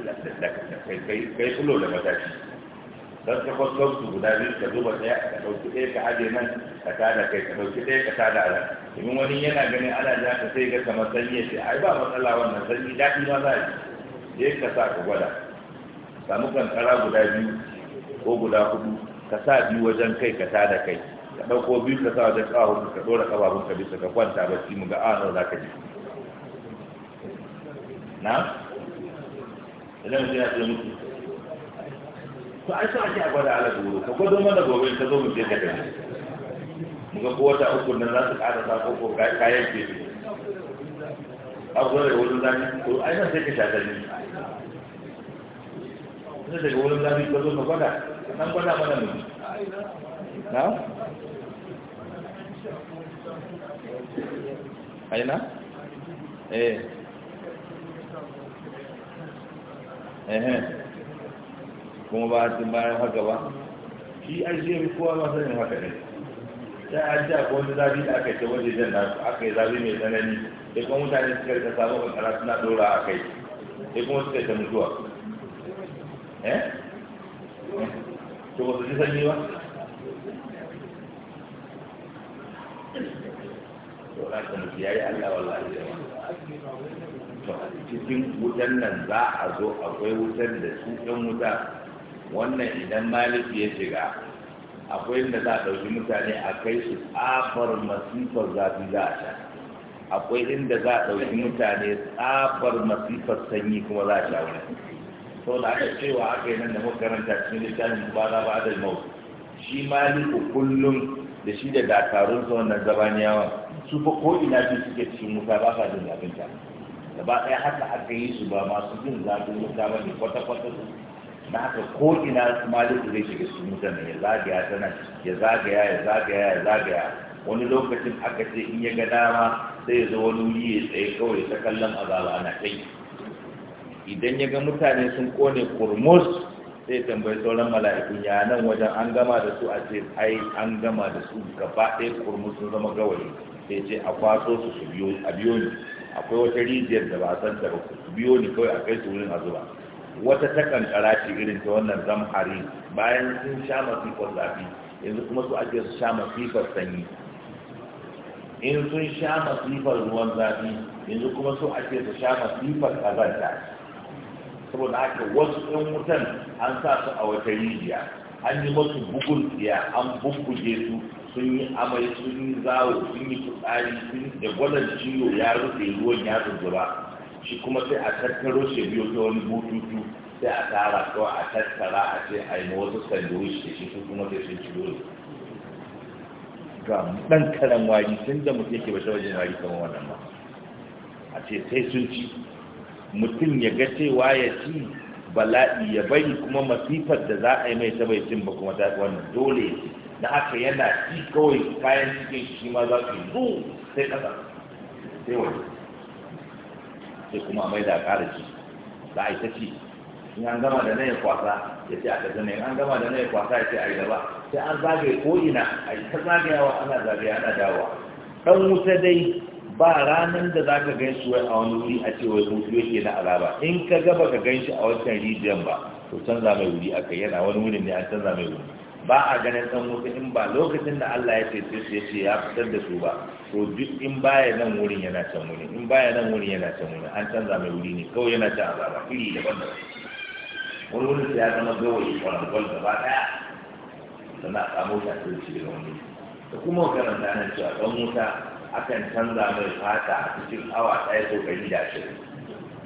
kai kulo da matashi don ka su guda biyu ka zuba ɗaya ka ɗauki ɗaya ka aje nan ka tada kai ka ɗauki ɗaya ka tada ala domin wani yana ganin ana ja ka sai ga kamar sanyi ya ce ai ba matsala wannan sanyi daɗi ma za yi sai ka sa ka gwada samu kankara guda biyu ko guda hudu ka sa biyu wajen kai ka tada kai ka ɗauko biyu ka sa wajen ƙaho ka ɗora ƙafafun ka bisa ka kwanta bacci mu ga ah, awa za ka ji na idan mutum ya ce mutu ko ai sai ake a gwada ala duro ka gwado mana gobe ka zo mu je ka gani mu ga kowata uku nan za su ƙara sa ko kayan ke ne a gwada wurin zami ko ai nan sai ka sha gani ne daga wurin zami ka zo ka gwada nan gwada mana mu
na aina
eh eh kuma ba sun bayan haka ba shi an shi yabi kowa ma sanin haka ne ta yi ta ko wani zafi da aka yi ta waje jan nasu aka yi zafi mai tsanani sai kuma mutane suka rika samun kankara suna dora a kai sai kuma suka yi ta mutuwa eh to ba su ji sanyi ba to na sanuki ya yi allah wallahi to cikin wutan nan za a zo akwai wutan da su ɗan wuta wannan idan maliki ya shiga akwai inda za a ɗauki mutane a kai su tsafar masifar zafi za a sha akwai inda za a ɗauki mutane tsafar masifar sanyi kuma za a sha wani sau da aka cewa aka yi nan da makaranta cikin littafin ba za ba da mau shi maliku kullum da shi da dakarun sa wannan zabaniyawan su fa ko ina su suke cikin wuta ba sa jin zafin ta gaba ɗaya haka aka yi su ba masu jin zafin wuta ba ne kwata-kwata su da haka ko ina maliku zai shiga su mutane ya zagaya tana ya zagaya ya zagaya ya zagaya wani lokacin aka ce in ya ga dama sai ya zo wani wuri ya tsaye kawai ta kallon azaba ana kai idan ya ga mutane sun kone kurmus sai tambayi sauran mala'ikun ya nan wajen an gama da su a ce ai an gama da su gaba ɗaya kurmus sun zama gawayi sai ce a kwaso su su biyo a biyo ni akwai wata rijiyar da ba san da ba su biyo ni kawai a kai su wurin azuba wata ta kankara ce irin ta wannan zamhari bayan sun sha masifar zafi yanzu kuma su ake su sha masifar sanyi in sun sha masifar ruwan zafi yanzu kuma su ake su sha masifar kazanta saboda haka wasu ɗan wutan an sa su a wata rijiya an yi masu bugun tsiya an bubbuge su sun yi amai sun yi zawo sun yi fitsari sun da gwalar ciwo ya rufe ruwan ya zuzuba shi kuma sai a tattaro shi biyu ta wani bututu sai a tara ko a tattara a ce a yi wasu sandwich shi shi kuma sai sun ci dole ga dan karan wari tun da mutum yake bashi wajen wari kamar wannan ba a ce sai sun ci mutum ya ga cewa ya ci bala'i ya bari kuma masifar da za a yi mai ta bai cin ba kuma ta wannan dole na haka yana ci kawai kayan cikin shi ma za su yi sai kasa sai wani sai kuma a maida ƙara ci da a yi ta ci in an gama da nayin kwasa ya ce a ta zane in an gama da nayin kwasa ya ce a yi gaba sai an zagaye ko ina a yi ta zagayawa ana zagaya ana dawowa dan wuta dai ba ranar da za ka gan shi wai a wani wuri a ce wai yake na alaba in ka gaba ka gan shi a wancan rijiyar ba to canza mai wuri aka yana wani wurin ne a canza mai wuri ba a ganin ɗan wuta in ba lokacin da Allah ya ce su ya ce ya fitar da su ba to duk in baya nan wurin yana can wuri in baya nan wurin yana can wuri an canza mai wuri ne kawai yana can azaba iri daban daban wani wurin ya zama gawayi kwanakwal gaba ɗaya sannan a samu ta ce shi daga wani da kuma da nan cewa ɗan wuta akan canza mai fata a cikin awa ɗaya ko ɗari da ashirin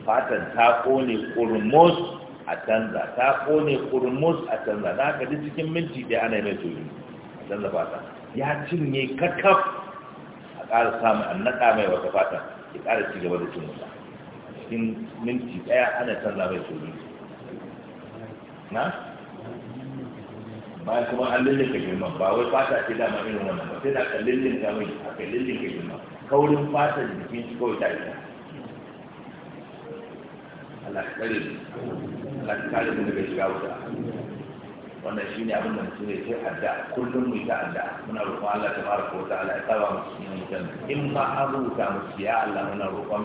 fatan ta ƙone ƙurmus a canza ta kone kurmus a canza na haka cikin minti da ana yi mai soyi a canza fata ya cinye kakaf a ƙara samun an naɗa mai wata fata ya ƙara ci gaba da cin wuta cikin minti ɗaya ana canza mai soyi na bayan kuma an lullunka girman ba wai fata ce dama irin wannan ba sai da aka lullunka mai aka lullunka girman kaurin fatan jikin shi kawai ta Allah ka da mu Allah ka shiga wuta wannan shi ne abin da mutum zai sai adda kullum mu ta adda muna roƙon Allah ta fara wa ta'ala ya tsaba mu cikin mutum in ma abuta mu siya Allah muna roƙon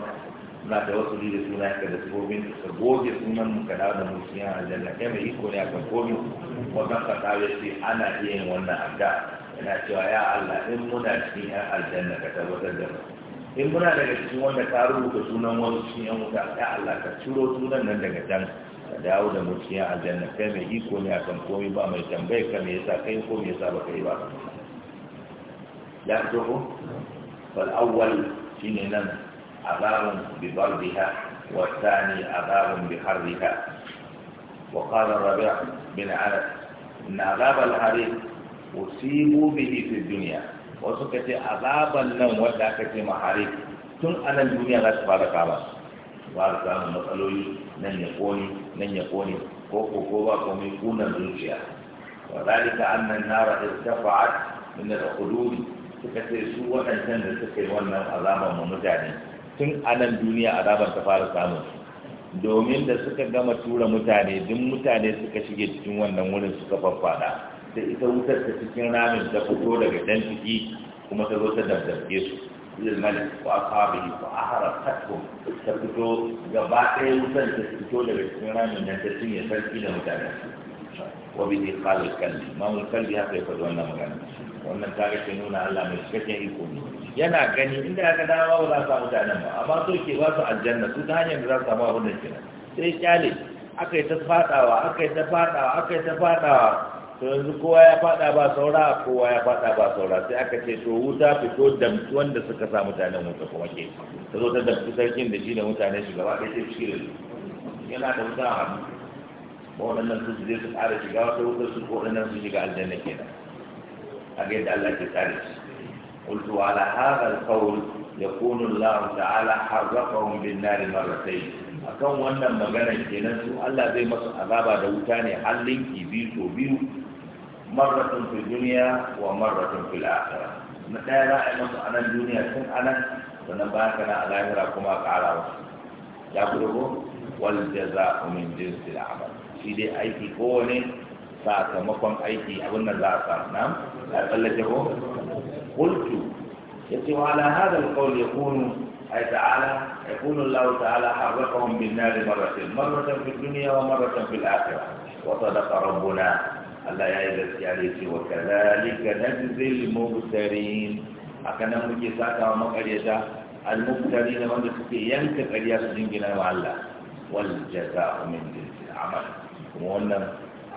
muna da wasu da suna ka da sabobin ka goge sunan mu ka dawo da mu cikin aljanna kai mai iko ne akan komai wannan ka ya ce ana iya yin wannan adda yana cewa ya Allah in muna cikin aljanna ka tabbatar da mu in muna daga cikin wanda ka rubuta sunan wani cikin yan wuta ya Allah ka ciro sunan nan daga can ka dawo da mutiya a janna kai mai iko ne akan komai ba mai tambaye ka me yasa kai ko me yasa ba kai ba ya fito ko wal awwal shine nan azabun bi barbiha wa thani azabun bi harriha wa qala rabi' bin anas ان عذاب الحريق اصيبوا به في الدنيا wasu kace azaban nan wanda aka ce mahari tun a nan duniya za su fara kama su samu matsaloli nan ya koni nan ya koni ko ko ko ba mai kunan zuciya wa zalika annan nara irtafa'at min al-hudud suka ce su waɗancan da suka yi wannan azaban mu mutane tun a nan duniya azaban ta fara samu domin da suka gama tura mutane duk mutane suka shige cikin wannan wurin suka faffada sai ita wutar ta cikin ramin da fito daga dan ciki kuma ta zo ta dabdabke su lil malik wa ashabihi wa ahara takum ta fito gaba ɗaya wutar ta fito daga cikin ramin da ta cinye sarki da mutane wa bi iqal kalbi ma mun ya kai yake nan magana wannan kaga ke nuna Allah mai cikakken iko ne yana gani inda ya dawo ba za su mutanen ba amma so ke ba su aljanna su ta hanyar da za su samu abin da kenan sai kyale aka yi ta fadawa aka yi ta fadawa aka yi ta fadawa to yanzu kowa ya fada ba saura kowa ya fada ba saura sai aka ce to wuta fito damtu wanda suka sa mutanen wuta kuma ke ta zo ta damtu sarkin da shi da mutane shi gaba ɗaya sai shi yana da wuta a hannu waɗannan su zai su ƙara shiga wata wutar su waɗannan su shiga aljanna nan a ga yadda Allah ke tsare shi قلت على هذا القول يكون الله تعالى حرقهم بالنار a akan wannan magana kenan su Allah zai masu azaba da wuta ne har linki biyu so biyu مرة في الدنيا ومرة في الآخرة متى لا إنه أنا الدنيا سن أنا فنبأك أنا على غير كما قال يا بروه والجزاء من جنس العمل في دي أي تي كوني ساعة مقام أي تي أبونا نعم؟ لا سام نعم قال قلت يتم على هذا القول يكون أي تعالى يقول الله تعالى حرقهم بالنار مرة مرة في الدنيا ومرة في الآخرة وصدق ربنا Allah ya yi gaskiya da ce wa kazalika najzil mubtarin Aka nan muke saka wa makaryata al-mubtarin wanda suke yanka ƙarya su jingina wa Allah wal jaza'u min jinsil amal kuma wannan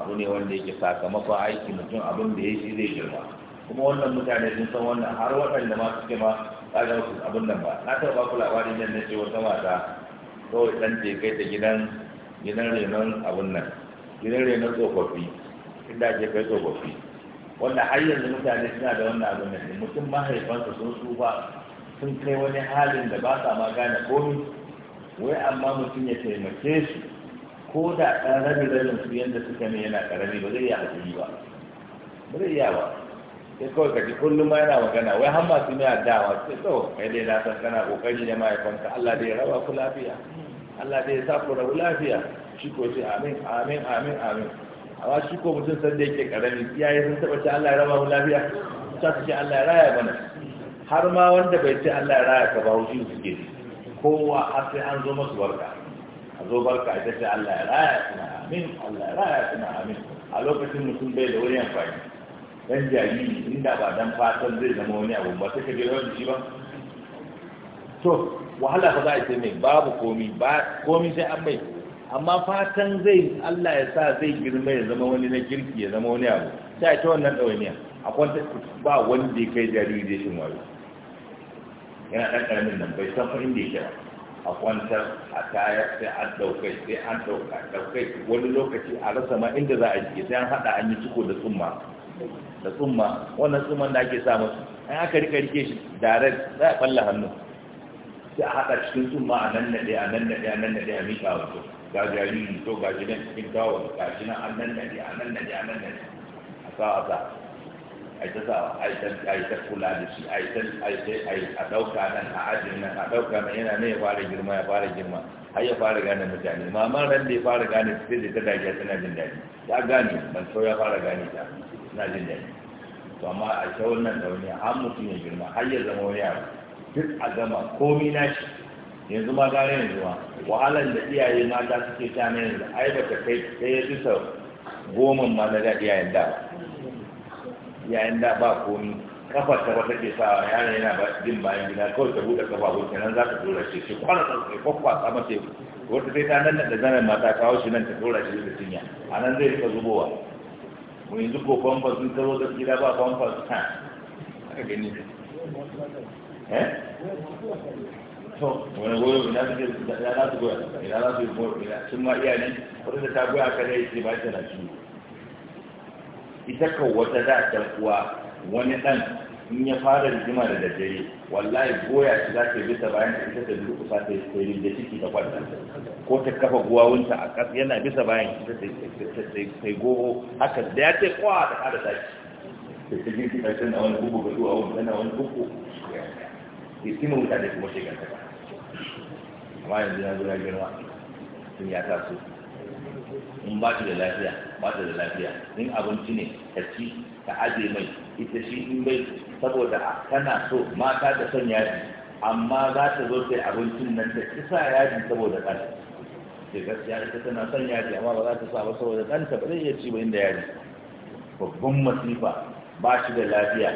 abu ne wanda yake sakamakon aiki mutum abin da ya shi zai girma kuma wannan mutane sun san wannan har waɗanda ma suke ma tsagar su abin nan ba na taɓa ku labarin nan na ce wata mata kawai ɗan je kai ta gidan gidan renon abin nan gidan renon tsofaffi inda ake kai tsofaffi wanda har yanzu mutane suna da wannan abin da mutum mahaifansa sun tsufa sun kai wani halin da ba sa magana gane komi wai amma mutum ya taimake su ko da ɗan rabi rabin su yadda suka ne yana ƙarami ba zai iya hakuri ba ba zai iya ba sai kawai kaji kullum ma yana magana wai har masu a adawa sai to kai dai na san kana kokari da mahaifanka Allah dai ya raba ku lafiya Allah dai ya sa ku rabu lafiya shi ko sai amin amin amin amin amma shi ko mutum san da yake karami iyaye sun taba ce Allah ya raba mu lafiya ta ce Allah ya raya mana har ma wanda bai ce Allah ya raya ka ba hujji suke kowa har sai an zo masu barka a zo barka ita ce Allah ya raya suna amin Allah ya raya suna amin a lokacin mutum bai da wani amfani dan jariri inda ba dan fatan zai zama wani abu ba sai ka je wani shi ba to wahala ba za a ce mai babu komi ba komi sai an bai amma fatan zai Allah ya sa zai girma ya zama wani na girki ya zama wani abu sai ta wannan ɗawainiya a kwanta ba wanda ya kai jariri da shi wayo yana ɗan ƙaramin nan bai san fa da yake a kwanta a taya sai an ɗaukai sai an ɗauka ɗaukai wani lokaci a rasa ma inda za a jike sai an haɗa an yi ciko da tsumma da tsumma wannan tsumma da ake sa musu an aka rika rike shi direct za a ɓalla hannu sai a haɗa cikin tsumma a nan naɗe a nan naɗe a nan naɗe a miƙa wato ga jariri to ga na cikin gawon ga shi nan an nan nadi an nan nadi an nan nadi a sa a sa a yi ta sa a yi ta kula da shi a yi ta a ɗauka nan a ajin nan a ɗauka nan yana ne ya fara girma ya fara girma har ya fara gane mutane maman ran da ya fara gane sai da ta dagiya tana jin daɗi ya gane ban so ya fara gane ta tana jin daɗi to amma a ta wannan ɗauniya har mutum ya girma har ya zama wani yaro duk a gama komi na shi yanzu ma gane yanzu ma wahalar da iyaye mata suke ta na yanzu ai ba ta kai ɗaya bisa goma ma na ga iyayen da iyayen da ba komi kafar ta ta ke sa yaron yana jin bayan gida kawai ta buɗe kafa ko kenan za ta dora shi shi kwana ta kai kwakwa ta mace wata sai ta nan da zanen mata kawo shi nan ta dora shi da cinya a nan zai rika zubowa mu yanzu ko famfa sun taro da gida ba famfa ha aka gani
eh to wani goyo
ina suke ya za su goya ina za su yi goyo ina sun ma iya ne wata da ta goya ka dai ce ba ta na ciwo ita kan wata da ta kuwa wani dan in ya fara rigima da daddare wallahi goya shi za ta bisa bayan ta ita ta durkusa ta yi da ciki ta kwanta ko ta kafa guwawunta a ƙasa yana bisa bayan ita ta yi goho haka da ya ce kwa da ƙara tashi ta ta girki ta tana wani bugu ga duwawun tana wani bugu ya ci mutane kuma shekar ta wa yanzu ya zo girma sun ya su in ba da lafiya ba da lafiya in abinci ne ka ci ka aje mai ita shi in bai saboda kana so mata da son yaji amma za ta zo sai abincin nan da sa yaji saboda ɗan sai gaskiya ita tana son yaji amma ba za ta sa ba saboda ta ba zai iya ci ba inda yaji babban masifa ba shi da lafiya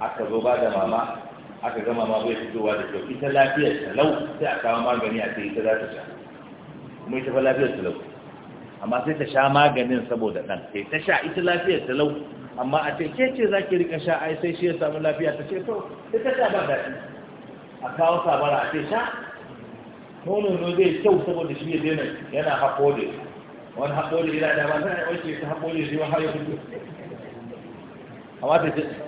aka zo ba da mama aka gama ma bai fitowa da kyau ita lafiyar talau sai a kawo magani a ce ita za ta sha kuma ita fa lafiyar talau amma sai ta sha maganin saboda ɗan sai ta sha ita lafiyar talau amma a ce ke ce za ki rika sha ai sai shi ya samu lafiya ta ce to sai ta sha ba daɗi a kawo sabara a ce sha nono ne zai kyau saboda shi ya daina yana haƙo wani haƙo da yana da ba za a yi wanke ta haƙo shi wani har ya fito amma ta ce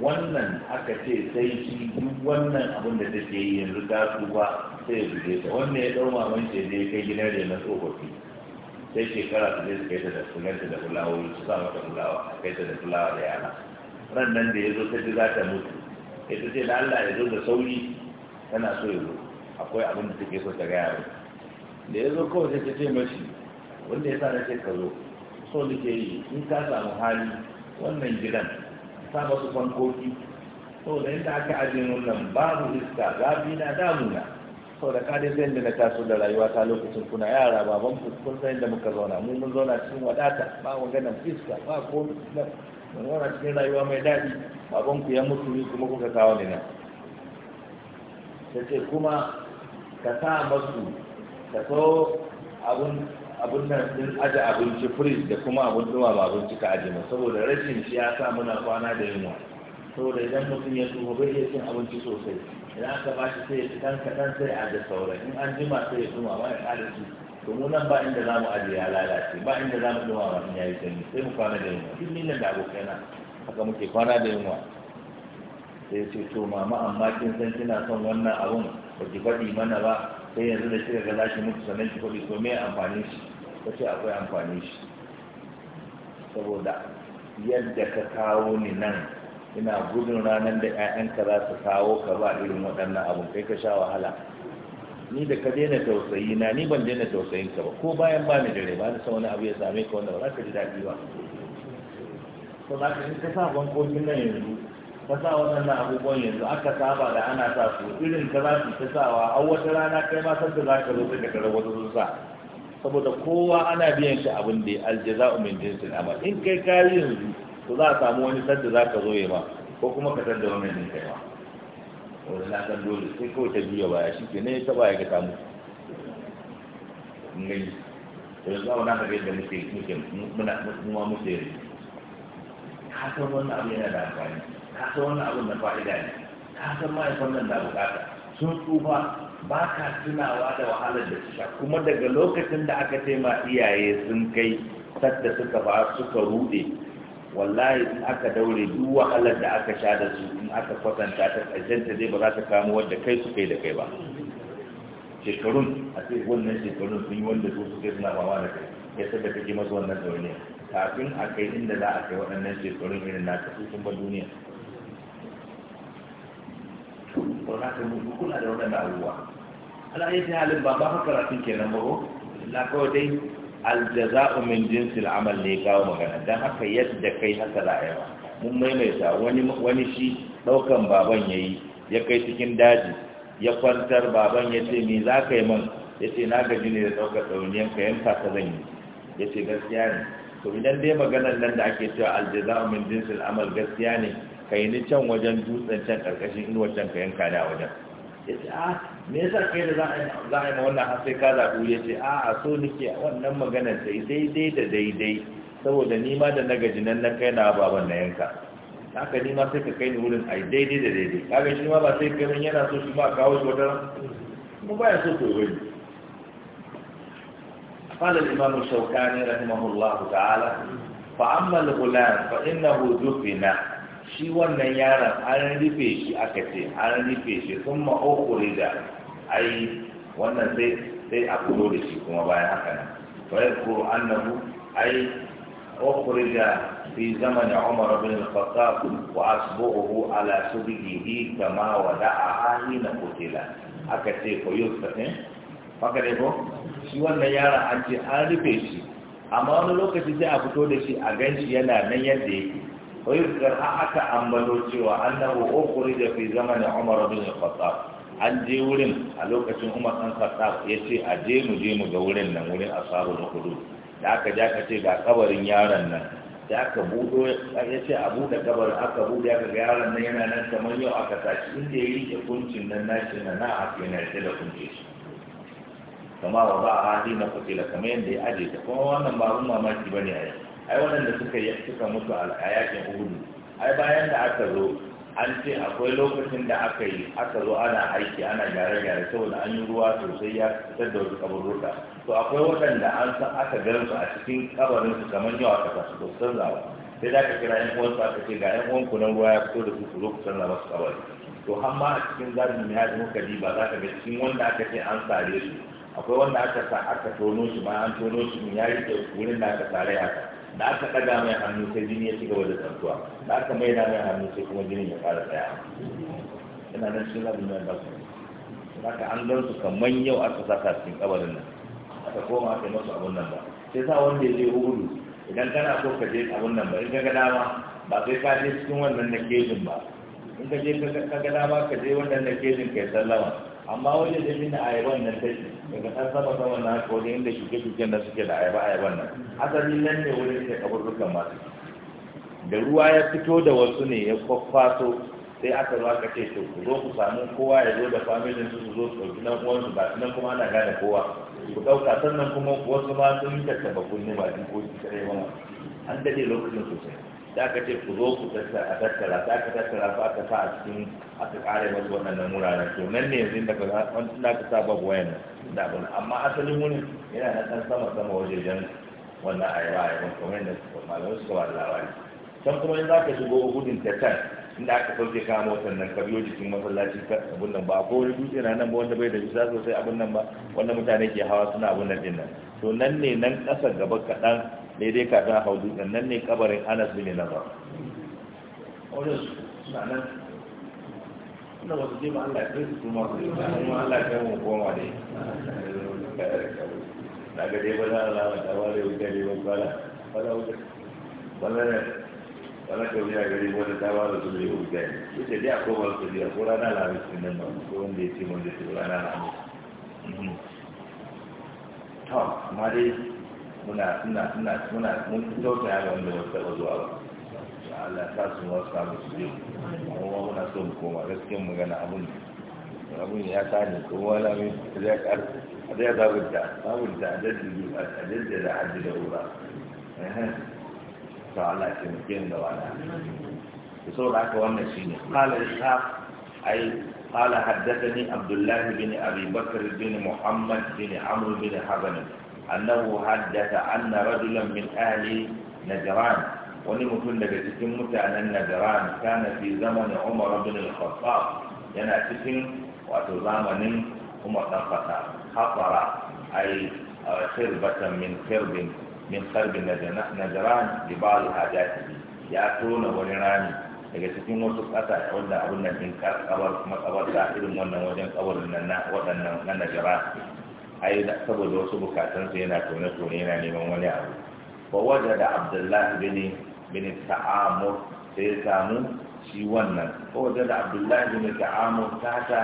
wannan aka ce sai shi duk wannan abin da take yi yanzu ta ba sai ya zuje ta wannan ya dau maman ce ne kai gina da na tsofaffi sai shekara su zai kai ta da sunanta da fulawoyi su sa mata fulawa a kai ta da fulawa da yana ran nan da ya zo ta za ta mutu ita ce da Allah ya zo da sauri tana so ya zo akwai abin da take so ta gaya ba. da ya zo kawai sai ta ce mashi wanda ya sa na ce ka zo so ke yi in ka samu hali wannan gidan sa masu fankoki da yadda aka ajiye nan babu iska zafi na damuna saboda ka dai zai da na taso da rayuwa ta lokacin kuna yara baban ku kun san da muka zauna mu mun zauna cikin wadata ba gana iska ba ko mun zauna cikin rayuwa mai daɗi baban ku ya mutu ni kuma kuka kawo ni nan sai kuma ka sa masu ka so abun abin nan din aje abinci firij da kuma abin ba abinci ka aje mu saboda rashin shi ya sa muna kwana da yunwa saboda idan mutum ya tuho bai iya cin abinci sosai idan aka ba shi sai ya ci dan kaɗan sai a da in an jima sai ya duma ba ya ƙara ci to mu nan ba inda za mu aje ya lalace ba inda mu duma ba in yayi sanyi sai mu kwana da yunwa duk millan da abokaina haka muke kwana da yunwa sai ce to mama amma kin san kina son wannan abun ba ki faɗi mana ba sai yanzu da kika ga zaki mutu sannan ki faɗi to me amfanin shi ka ce akwai amfani shi saboda yadda ka kawo ni nan ina gudun ranar da 'ya'yanka za su kawo ka ba irin waɗannan abu kai ka sha wahala ni da ka daina tausayi na ni ban daina tausayin ka ba ko bayan ba ni dare ba ni san wani abu ya same ka wanda ba za ka ji daɗi ba ko za ka ka sa bankokin nan yanzu ka sa waɗannan abubuwan yanzu aka saba da ana sa su irin ka za su ta sawa a wata rana kai ma san da za ka zo sai ka karar wasu sun sa saboda kowa ana biyan shi abin da aljaza'u min jinsil amal in kai kayi yanzu to za a samu wani sadda za ka zo ya ba ko kuma ka sadda wani ne kai ma wani na san dole sai kawai ta biya baya shi ke ne ta baya ga samu ne to yanzu abu na ka yadda muke muke muna kuma muke ka san wannan abu yana da amfani ka san wannan abu na fa'ida ne ka san ma'aikatan da na bukata sun tsufa ba ka tunawa da wahalar da shi kuma daga lokacin da aka ce ma iyaye sun kai sadda suka ba suka rude wallahi in aka daure duk wahalar da aka sha da su in aka kwatanta ta ƙarshen ta zai ba za ta kamo wadda kai su kai da kai ba shekarun a ce wannan shekarun sun yi wanda su su suna mawa da kai ya sadda kake masu wannan dauniya kafin a kai inda za a kai waɗannan shekarun irin na ta sun ba duniya ba za ka mutu kula da wannan abubuwa ala ya ta halin ba ba haka karatun kenan ba ko na kawai dai aljaza'u min jinsil amal ne kawo magana dan haka yadda kai haka za a yi mun maimaita wani wani shi daukan baban yayi ya kai cikin daji ya kwantar baban ya ce me za ka yi man ya ce na gaji ne da ɗaukar ɗauniyan ka yanka ka zan yi ya ce gaskiya ne to idan dai maganar nan da ake cewa aljaza'u min jinsil amal gaskiya ne ka yi can wajen dutsen can ƙarƙashin inuwar can ka yanka da wajen ya ce a ah, me yasa kai da za a yi ma wannan haske ka zaɓu ya ce a a so nake wannan maganar sai daidai da daidai saboda ni ma da na gaji nan na kai na baban na yanka haka ni ma sai ka kai ni wurin a daidai da daidai kaga shi ma ba sai kai min yana so shi ma kawo shi wata mu baya so to yi قال الإمام الشوكاني رحمه الله تعالى فأما الغلام فإنه دفن shi wannan yaron an rufe shi aka ce an rufe shi sun ma'okure da yi wannan sai a kuro da shi kuma bayan haka nan wayar kuro a yi okure da fi zaman umar bin al-khattab wa asbuhu ala yi kama hali na kutila aka ce ko yusuf eh? haka ne ko shi wannan yaron an ce an rufe shi amma wani lokaci sai a fito da shi a ganshi yana nan yadda yake ويذكر حتى أملوا سوى أنه أخرج في زمن عمر بن الخطاب an je wurin a lokacin umar ɗan khattab ya ce a je mu je mu ga wurin nan wurin asabu da hudu da aka ja ka ce ga kabarin yaron nan da aka budo ya ce a buɗe kabarin aka buɗe aka ga yaron nan yana nan kamar yau aka tashi inda ya rike kuncin nan nashi na na yana rike da kunce shi kama wa ba a hali na kutila kamar yadda ya aje ta kuma wannan ba mamaki ba ne a yau ai waɗanda suka yi suka mutu a yakin uhudu ai bayan da aka zo an ce akwai lokacin da aka yi aka zo ana aiki ana gyare-gyare saboda an yi ruwa sosai ya fitar da wasu kaburuka to akwai waɗanda an san aka gan su a cikin kabarin su kamar yawa ka kasu to san zawa sai za ka kira yan uwan su aka ce ga yan uwan ku nan ruwa ya fito da su ku zo ku canza masu kabari to har a cikin zaɓin mai hajji muka ba za ka ga cikin wanda aka ce an sare su akwai wanda aka sa aka tono shi ma an tono shi ya yi wurin da aka sare haka da aka ɗaga mai hannu sai jini ya ci gaba da tsantuwa da aka mai da mai hannu sai kuma jini ya fara tsaya ina nan shi labin mai ba su haka an gan su kamar yau aka saka cikin kabarin nan aka koma aka yi masu abun nan ba sai sa wanda ya je hudu idan kana so ka je abun nan ba in ka ga dama ba sai ka je cikin wannan na kejin ba in ka je ka ga dama ka je wannan na kejin ka yi sallama amma wajen da mina ayaban nan ke, daga ɗan sama sama na haka wajen inda shuke-shuken da suke da ayaba ayaban nan asali nan ne wurin da kaburrukan masu da ruwa ya fito da wasu ne ya kwakwaso sai aka zo aka ce to ku zo ku samu kowa ya zo da familin su su zo su ɗauki nan uwansu ba nan kuma ana gane kowa ku ɗauka sannan kuma wasu ma sun yi tattaba kunne ba jikoki kare ba an daɗe lokacin sosai da aka ce ku zo ku tattara tattara da aka tattara su aka sa a cikin aka kare masu waɗannan wuraren to nan ne yanzu da aka sa babu wayan nan da abin amma asalin wuni yana na ɗan sama sama wajejen wannan ayyuka ayyukan kamar yadda malamai suka ba da labari can kuma in za ka shigo gudun ta can inda aka sauke kama motar nan ka biyo jikin masallaci ka abin nan ba ko wani dutse na nan ba wanda bai da bisa sosai abin nan ba wanda mutane ke hawa suna abin nan din nan to nan ne nan ƙasa gaba kaɗan daidai kafin a hau dutsen nan ne kabarin anas bin nazar wajen suna nan suna wasu je ma allah kai su kuma su kuma allah kai mu koma ne na ga dai bada alama ta wale wuce ne ba kwala kwala wuce wannan wala ka wuya gari wata ta ba da su da yau gani a dai akwai ba su a ko rana lamis din nan ba ko wanda ya ce wanda ya ce rana lamis mhm. to amma dai muna muna muna muna mun ya ga wanda wasu taɓa zuwa ba Allah ta su wasu samu su je kuma muna so mu koma gaskiyar magana abun abun ya tani kowa lami zai kar zai zabunta zabunta a ta a jaddada a jaddada wura to Allah ya taimake da wala to saboda haka wannan ne. Kala ishaq ai قال حدثني عبد الله بن ابي بكر بن محمد بن عمرو بن حزم أنه حدث أن رجلا من أهل نجران لك تتمت أن نجران كان في زمن عمر بن الخطاب ينا تسم وتزامن عمر الخطاب خطر أي آه، خربة من خرب من خرب نجران لبعض حاجاته يأتون ونراني daga cikin wasu ƙasa wanda abin nan ɗin kabar makabarta irin wannan wajen kabarin nan na waɗannan na najara ai saboda wasu su yana tone-tone yana neman wani abu ba wajen da abdullahi bini bini ta'amur sai ya samu shi wannan ko wajen da abdullahi bini ta'amur ta ta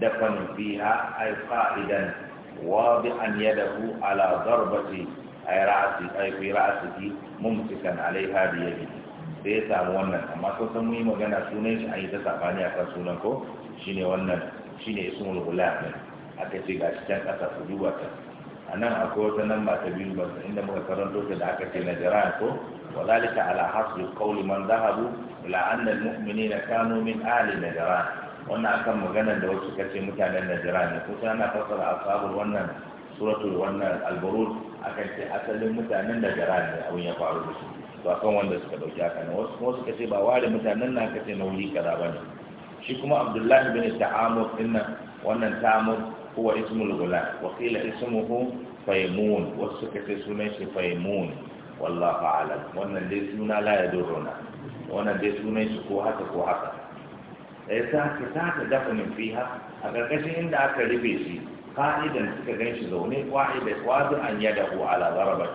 dafan fiha ai fa'idan wa bi an yadahu ala zarbati ai ra'asi ai fi ra'asihi mumsikan alaiha bi yadi sai ya samu wannan amma ko san mun yi magana sunan shi ai yi ta sabani akan sunan ko shine wannan shine ismul gulam aka ce ga cikin can ƙasa su duba ta a nan akwai wata nan ba ta biyu ba inda muka karanto ta da aka ce na jira ko Wazalika على حسب قول من ذهبوا إلى أن المؤمنين كانوا من أهل نجران wannan akan maganar da wasu kace mutanen Najran ne kusa ana fassara ashabul wannan suratul wannan al akan ce asalin mutanen Najran ne abin ya faru da su to kan wanda suka dauki haka ne wasu kuma suka ce ba ware mutanen nan kace na wuri kaza bane shi kuma Abdullahi bin Ta'amur dinnan wannan Ta'amur هو اسم الغلام وقيل اسمه فيمون والسكت اسمه فيمون والله أعلم وأن سنة لا يدرنا وأن سنيش كوهك كوهك إذا كتاك دفن فيها أكاكش عند أكاليبيشي قائدا تكاكش زوني واحدة واضع أن يده على ضربة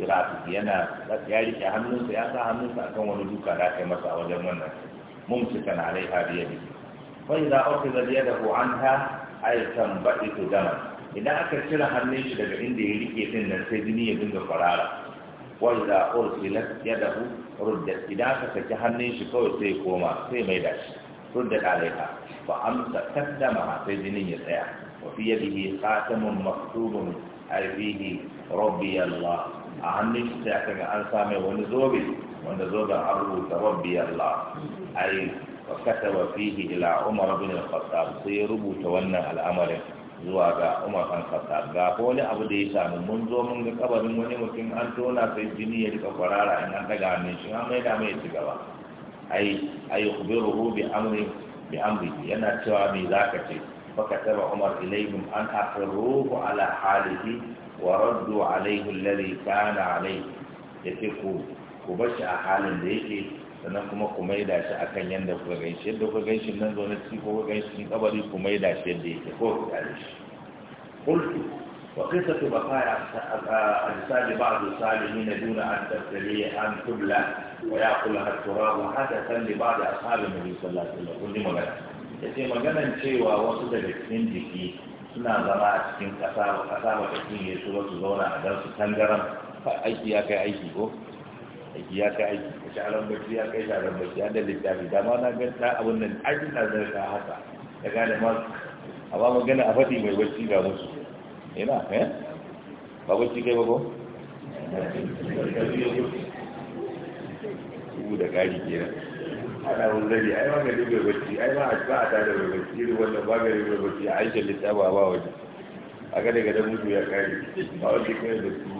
iraq yana ya rike hannunsa ya sa hannunsa akan wani duka da aka masa a wajen wannan mumsikan alaiha aikan baɗi to dama idan aka cire hannun shi daga inda ya rike din nan sai jini ya dinga kwarara wa idza ya dahu? ruddat idan aka saki hannun shi kawai sai koma sai mai da shi ruddat alaiha fa amsa kaddama sai jinin ya tsaya wa fi yadihi khatamun maktubun alfihi rabbi allah a hannun shi sai aka ga an same wani zobe wanda zoben an rubuta rabbi allah wa kataba fihi ila Umar bin al sai ya rubuta wannan al'amarin zuwa ga Umar bin Khattab ga ko wani abu da ya samu mun zo mun ga kabarin wani mutum an tona sai jini ya rika kwarara in an daga hannun shi an maida mai ci gaba ai ai yukhbiruhu bi amri yana cewa mai zaka ce fa kataba Umar ilayhim an aqruhu ala halihi wa raddu alayhi alladhi kana alayhi yace ku ku bashi a halin da yake sannan kuma ku maida shi akan yadda kuka ganshi yadda kuka ganshi nan zaune ci ko kuka ganshi cikin kabari ku da shi yadda yake ko ku gane shi qultu wa qisatu baqaya al-sali ba'd salihin duna an tabtali an tubla wa yaqulha at-turab hadathan li ba'd ashab an-nabi sallallahu alaihi wasallam kun ji magana yace maganan cewa wasu daga cikin jiki suna zama a cikin kasa ba kasa ba ta cinye su ba zauna a gansu su tangaran aiki ya kai aiki ko aiki ya kai aiki ka sharan bacci ya kai sharan bacci an da littafi da ma na ga ta abin nan aiki na zai ta haka Ya gane ma a ba magana a faɗi mai bacci ga musu ina eh ba bacci kai ba ko su da gari kenan ana wani zari ai ma ga dubbe bacci ai ma a ba a tada mai bacci irin wannan ba ga dubbe bacci a aisha littafi ba waje a ga daga da mutu ya kai. ba wajen kai da su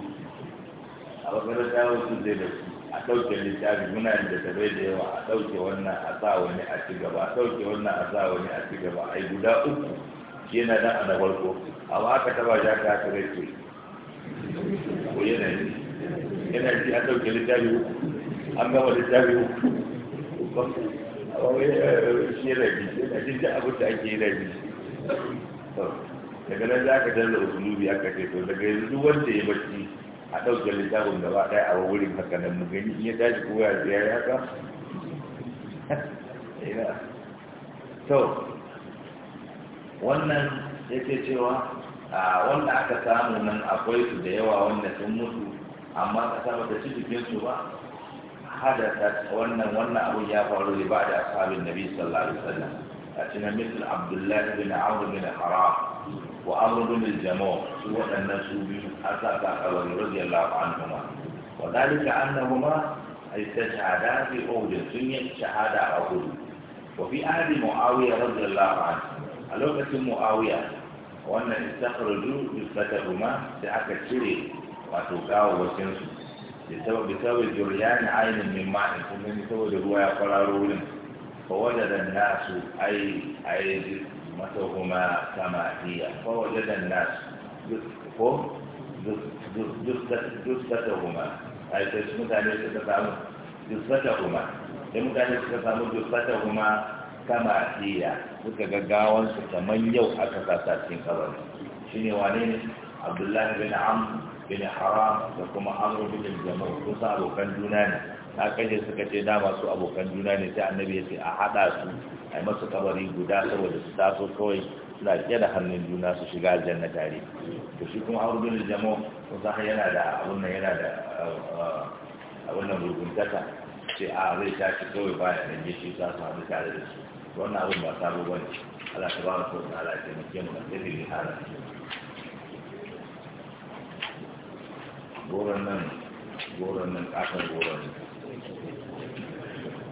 a bakarar ta sun zai da su a ɗauke littafi muna yin da littafai da yawa a ɗauke wannan a sa wani a ci gaba a ɗauke wannan a sa wani a ci gaba A yi guda uku shi yana nan a na farko amma aka taba shi aka aka rage ko yana yi yana ji a ɗauke littafi uku an gama littafi uku eh, eh, shi yana bi yi. yana abin da ake yana yi. daga nan za ka dalla usulubi aka ce to daga yanzu wanda ya bacci a ɗauke littafin gaba ɗaya a wurin haka nan mu gani in ya tashi ko ya tsaya ya ka to wannan yake cewa a wanda aka samu nan akwai su da yawa wanda sun mutu amma ka samu da cikin su ba hadasa wannan wannan abun ya faru ne ba da asabin nabi sallallahu alaihi wasallam a cikin misal abdullahi bin amr bin haram وعمر بن الجموع سوى أن سوبي أتى أبا رضي الله عنهما وذلك أنهما استشهدا في أول الدنيا شهادة أهل وفي عهد معاوية رضي الله عنه ألوكة معاوية وأن استخرجوا نسبتهما سعة الشري وتوكاو وسنسو بسبب بسبب جريان عين من ماء ثم بسبب الرواية قراروا فوجد الناس أي أي أمتهما كما هي فوجد الناس جثتهما أي تسمى ذلك تتفهم جثتهما لم تكن تتفهم جثتهما كما هي suka gaggawan su kamar yau aka sasa cikin kabari ne wane ne Abdullahi bin Amr bin Haram da kuma Amr bin Jamal abokan juna ne ta kaje suka ce dama su abokan juna ne sai annabi ya ce a hada su a yi masu kabari guda saboda su taso kawai suna ke da hannun juna su shiga aljanna tare to shi kuma aure da jamo kun san yana da abun nan yana da eh, abun nan rubuntaka sai a zai ta ci kawai baya da shi za su hannu tare da su wannan abun ba sabo bane Allah ta ba mu sauka Allah ya taimake mu da tsiri da halin goron nan goron nan kafin goron nan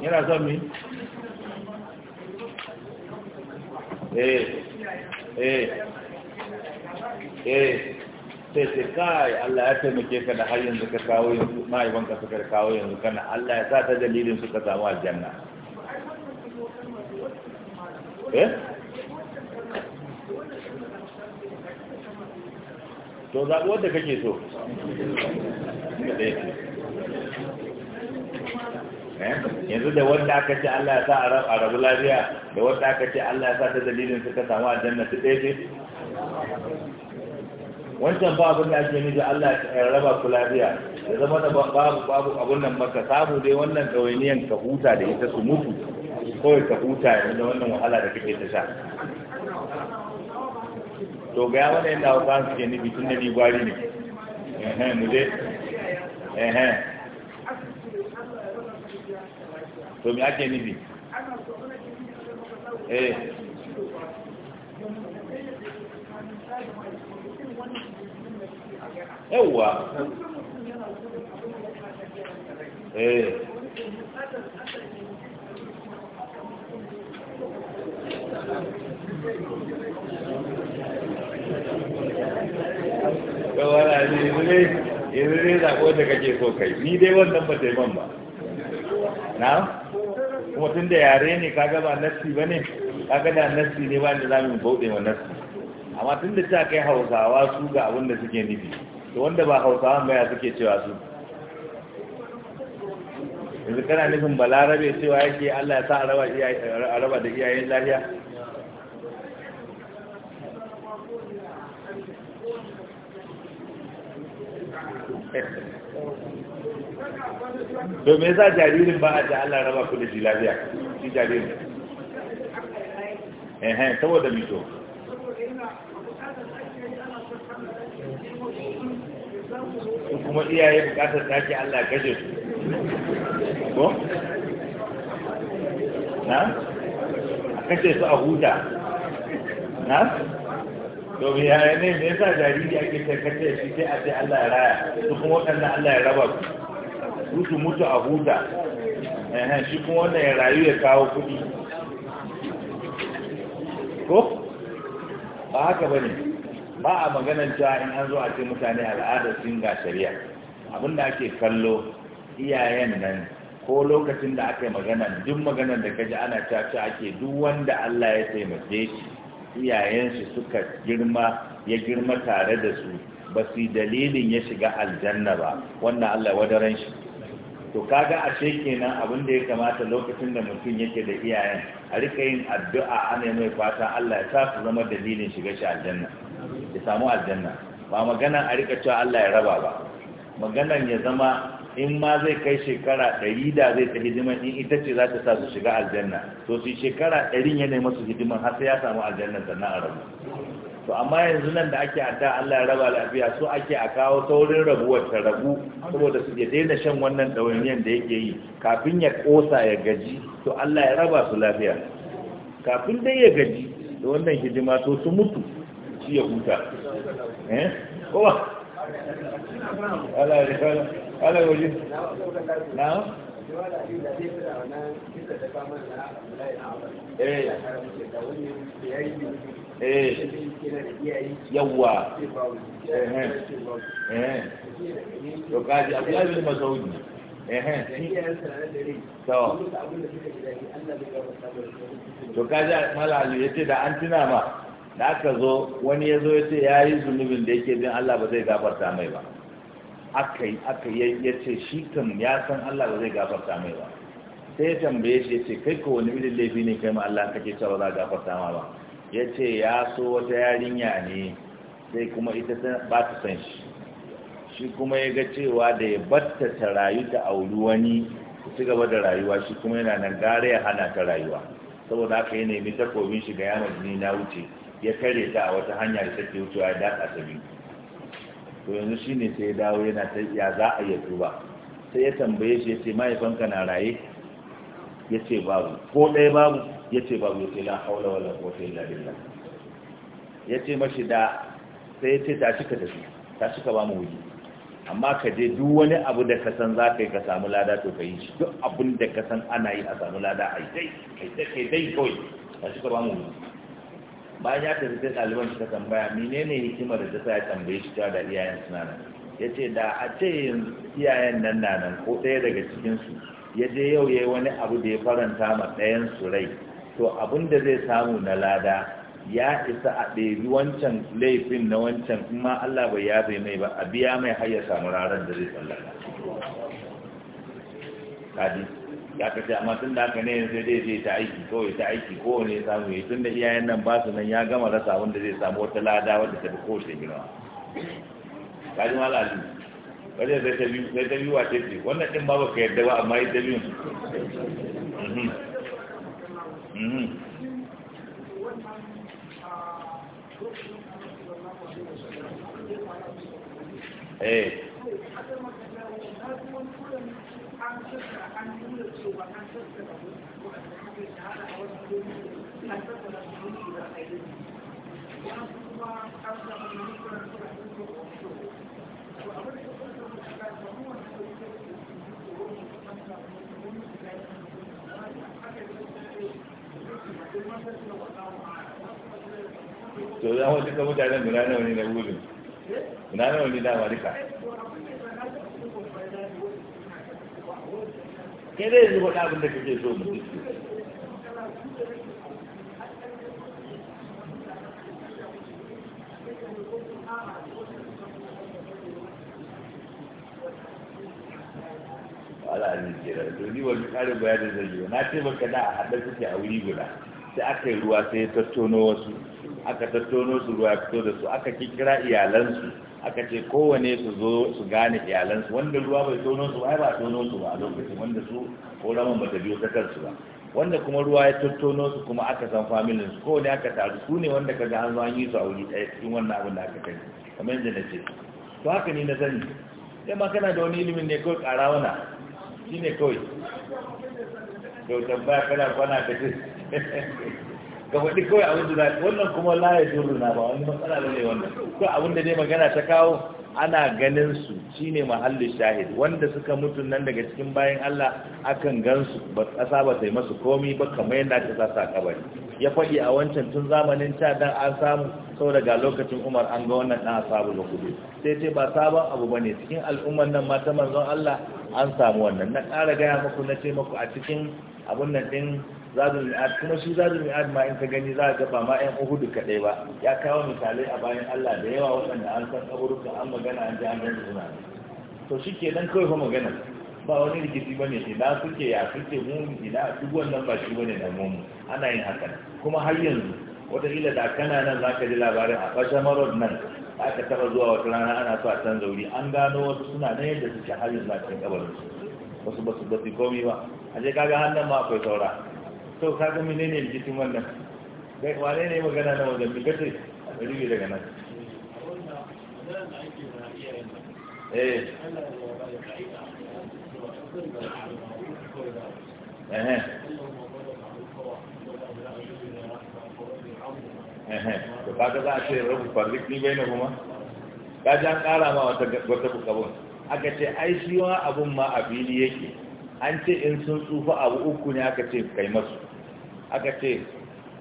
yana son mi eh eh eh
sai sai kai Allah ya taimake ka da har yanzu ka kawo yanzu mahaifanka suka kawo yanzu kana Allah ya sa ta dalilin suka samu aljanna eh to zaɓi wadda kake so da
Eh? yanzu da
wanda aka ce Allah ya sa a rabu lafiya da wanda aka ce Allah ya sa ta dalilin suka samu janna su ɗaya ce wancan ba abin da ake nufi Allah ya raba ku lafiya da zama da babu babu abin nan maka samu dai wannan ɗawainiyan ka huta da ita su mutu kawai ka huta yanzu da wannan wahala da kake ta sha
to ga wani yadda hausa suke nufi tun da ni gwari ne mu je to mi ake nibi eh yawwa eh kawai ne irin ne zaɓo da
kake so kai ni dai wannan ba taimakon ba na kuma tun da yare ne kaga ba nassi ba ne kaga da nassi ne ba da za mu bauɗe wa nassi amma tun da ta kai hausawa su ga abin da suke nufi to wanda ba hausawa ba ya suke cewa su yanzu kana nufin balarabe cewa yake allah ya sa a raba da iyayen lafiya
Thank you.
to me yasa jaririn ba a ce Allah raba ku da shi lafiya shi jaririn eh eh saboda mito su kuma iyaye bukatar take Allah gaje su ko
na a
kashe su a huta na to me yaya ne me yasa jariri ake ta kace shi sai a ce Allah ya raya su kuma waɗannan Allah ya raba ku mutu mutu a huta shi kun wannan ya rayu ya kawo kudi ko ba haka ba ne ba a maganar cewa in an zo a ce mutane al'adar sun ga shari'a abinda ake kallo iyayen nan ko lokacin da aka yi maganar duk maganar da kaji ana ce ake duk wanda Allah ya taimake shi iyayensu suka girma ya girma tare da su ba su dalilin ya shiga aljanna ba wannan Allah wadaran shi to kaga ashe kenan abin da ya kamata lokacin da mutum yake da iyayen a rika yin addu'a ana mai fata Allah ya sa su zama dalilin shiga shi aljanna ya samu aljanna ba maganan a rika cewa Allah ya raba ba maganan ya zama in ma zai kai shekara ɗari da zai ta hidiman in ita ce za ta sa su shiga aljanna to su shekara ɗari ya nemi su hidiman har sai ya samu aljanna sannan a rabu to amma yanzu nan da ake adda Allah ya raba lafiya so ake a kawo saurin rabuwar ta rabu saboda su ya daina shan wannan ɗawainiyar da yake yi kafin ya ƙosa ya gaji to Allah ya raba su lafiya kafin dai ya gaji da wannan hidima to su mutu shi ya huta eh
Allah ya Allah ya na eh eh yawa eh eh
to kaji abdullahi bin mas'ud eh to to kaji ya ce da an tuna ma da aka zo wani ya zo ya ce ya yi zunubin da yake bin Allah ba zai gafarta mai ba aka yi aka ya ce shi kan ya san Allah ba zai gafarta mai ba sai ya tambaye shi ya ce kai ko wani irin laifi ne kai ma Allah kake cewa za gafarta ma ba ya ce ya so wata yarinya ne sai kuma ita ba ta san shi shi kuma ya ga cewa da ya batta ta rayu ta auri wani ci gaba da rayuwa shi kuma yana nan gare ya hana ta rayuwa saboda haka ya nemi takobin shi ga yanar jini na wuce ya kare ta a wata hanya da take wucewa ya daɗa ta biyu to yanzu shi ne sai ya dawo yana ta ya za a iya tuba sai ya tambaye shi ya ce mahaifanka na raye ya ce babu ko ɗaya babu yace babu yace la haula wala quwwata illa billah yace mashi da sai yace cika da shi, ta cika ba mu wuri amma ka je duk wani abu da ka san za ka yi ka samu lada to ka yi shi duk abin da ka san ana yi a samu lada a dai kai dai kawai ta cika ba mu bayan ya tafi sai ɗaliban shi ta tambaya menene hikimar da ta sa ya tambaye shi cewa da iyayen suna nan ya ce da a ce iyayen nan na nan ko ɗaya daga cikinsu ya je yau ya yi wani abu da ya faranta ma ɗayan su rai to abin da zai samu na lada ya isa a ɗari wancan laifin na wancan in ma Allah bai yabe mai ba a biya mai har ya samu ranar da zai tsallaka kadi ya kace amma tun da haka ne yanzu dai zai ta aiki kawai ta aiki kowane ya samu yi tun da iyayen nan ba su nan ya gama rasa wanda zai samu wata lada wadda ta fi kowace girma kadi ma lalu wajen zai ta biyu wa ce wannan ɗin ba ba ka yarda ba amma ya ta biyu mhm. eh
to za mu duka guda nawa ne na gudun guda nawa ne dama duka ke abin da kake so mu
ne to ni wani bayanin zai yi na ce maka da a haɗa suke a wuri guda sai aka yi ruwa sai ya tattono wasu aka tattono su ruwa fito da su aka kikira iyalansu aka ce kowane su zo su gane iyalansu wanda ruwa bai tono su ai ba tono su ba a lokacin wanda su ko ramin bata biyo ta kansu ba wanda kuma ruwa ya tattono su kuma aka san familin su kowane aka taru su ne wanda kaga an zo an yi su a wuri ɗaya cikin wannan abin da aka kai kamar yadda na ce to haka ni na sani sai ma kana da wani ilimin ne kawai ƙara wana shi ne kawai to tambaya kana kwana ka ce ga faɗi kawai abin da zai wannan kuma la ya juru na ba wani matsala da ne wannan ko abin da dai magana ta kawo ana ganin su shine mahallin shahid wanda suka mutu nan daga cikin bayan Allah akan gansu ba kasa ba sai masu komi ba kamar yadda ta sa sa kabari ya faɗi a wancan tun zamanin ta dan an samu saboda ga lokacin Umar an ga wannan dan asabu da kudi sai ce ba sabon abu bane cikin al'umman nan ma ta manzon Allah an samu wannan na ƙara gaya muku na ce muku a cikin abun nan din zadul mi'ad kuma shi zadul mi'ad ma in ka gani za a gaba ma yan uhudu kaɗai ba ya kawo misalai a bayan Allah da yawa waɗanda an san kaburuka an magana an ji an gani suna to shi ke nan kawai fa magana ba wani rikici ba ne, ina suke ya suke mu ina duk wannan ba shi bane da mu ana yin haka kuma har yanzu wataƙila da kana nan za ka ji labarin a ƙasar marod nan aka taɓa zuwa wata rana ana so a canza wuri an gano wasu suna na yadda suke har yanzu a cikin kabarin wasu ba su ba su komi ba a je kaga hannun ma akwai saura to ka ga menene jikin wannan dai wane ne magana na wajen bi kace a ɗari daga nan
eh eh
to ba kaga za a ce rubu public ni bai na kuma ka ja kara ma wata wata bukabun aka ce ai shi wa abun ma a fili yake an ce in sun tsufa abu uku ne aka ce kai masu aka ce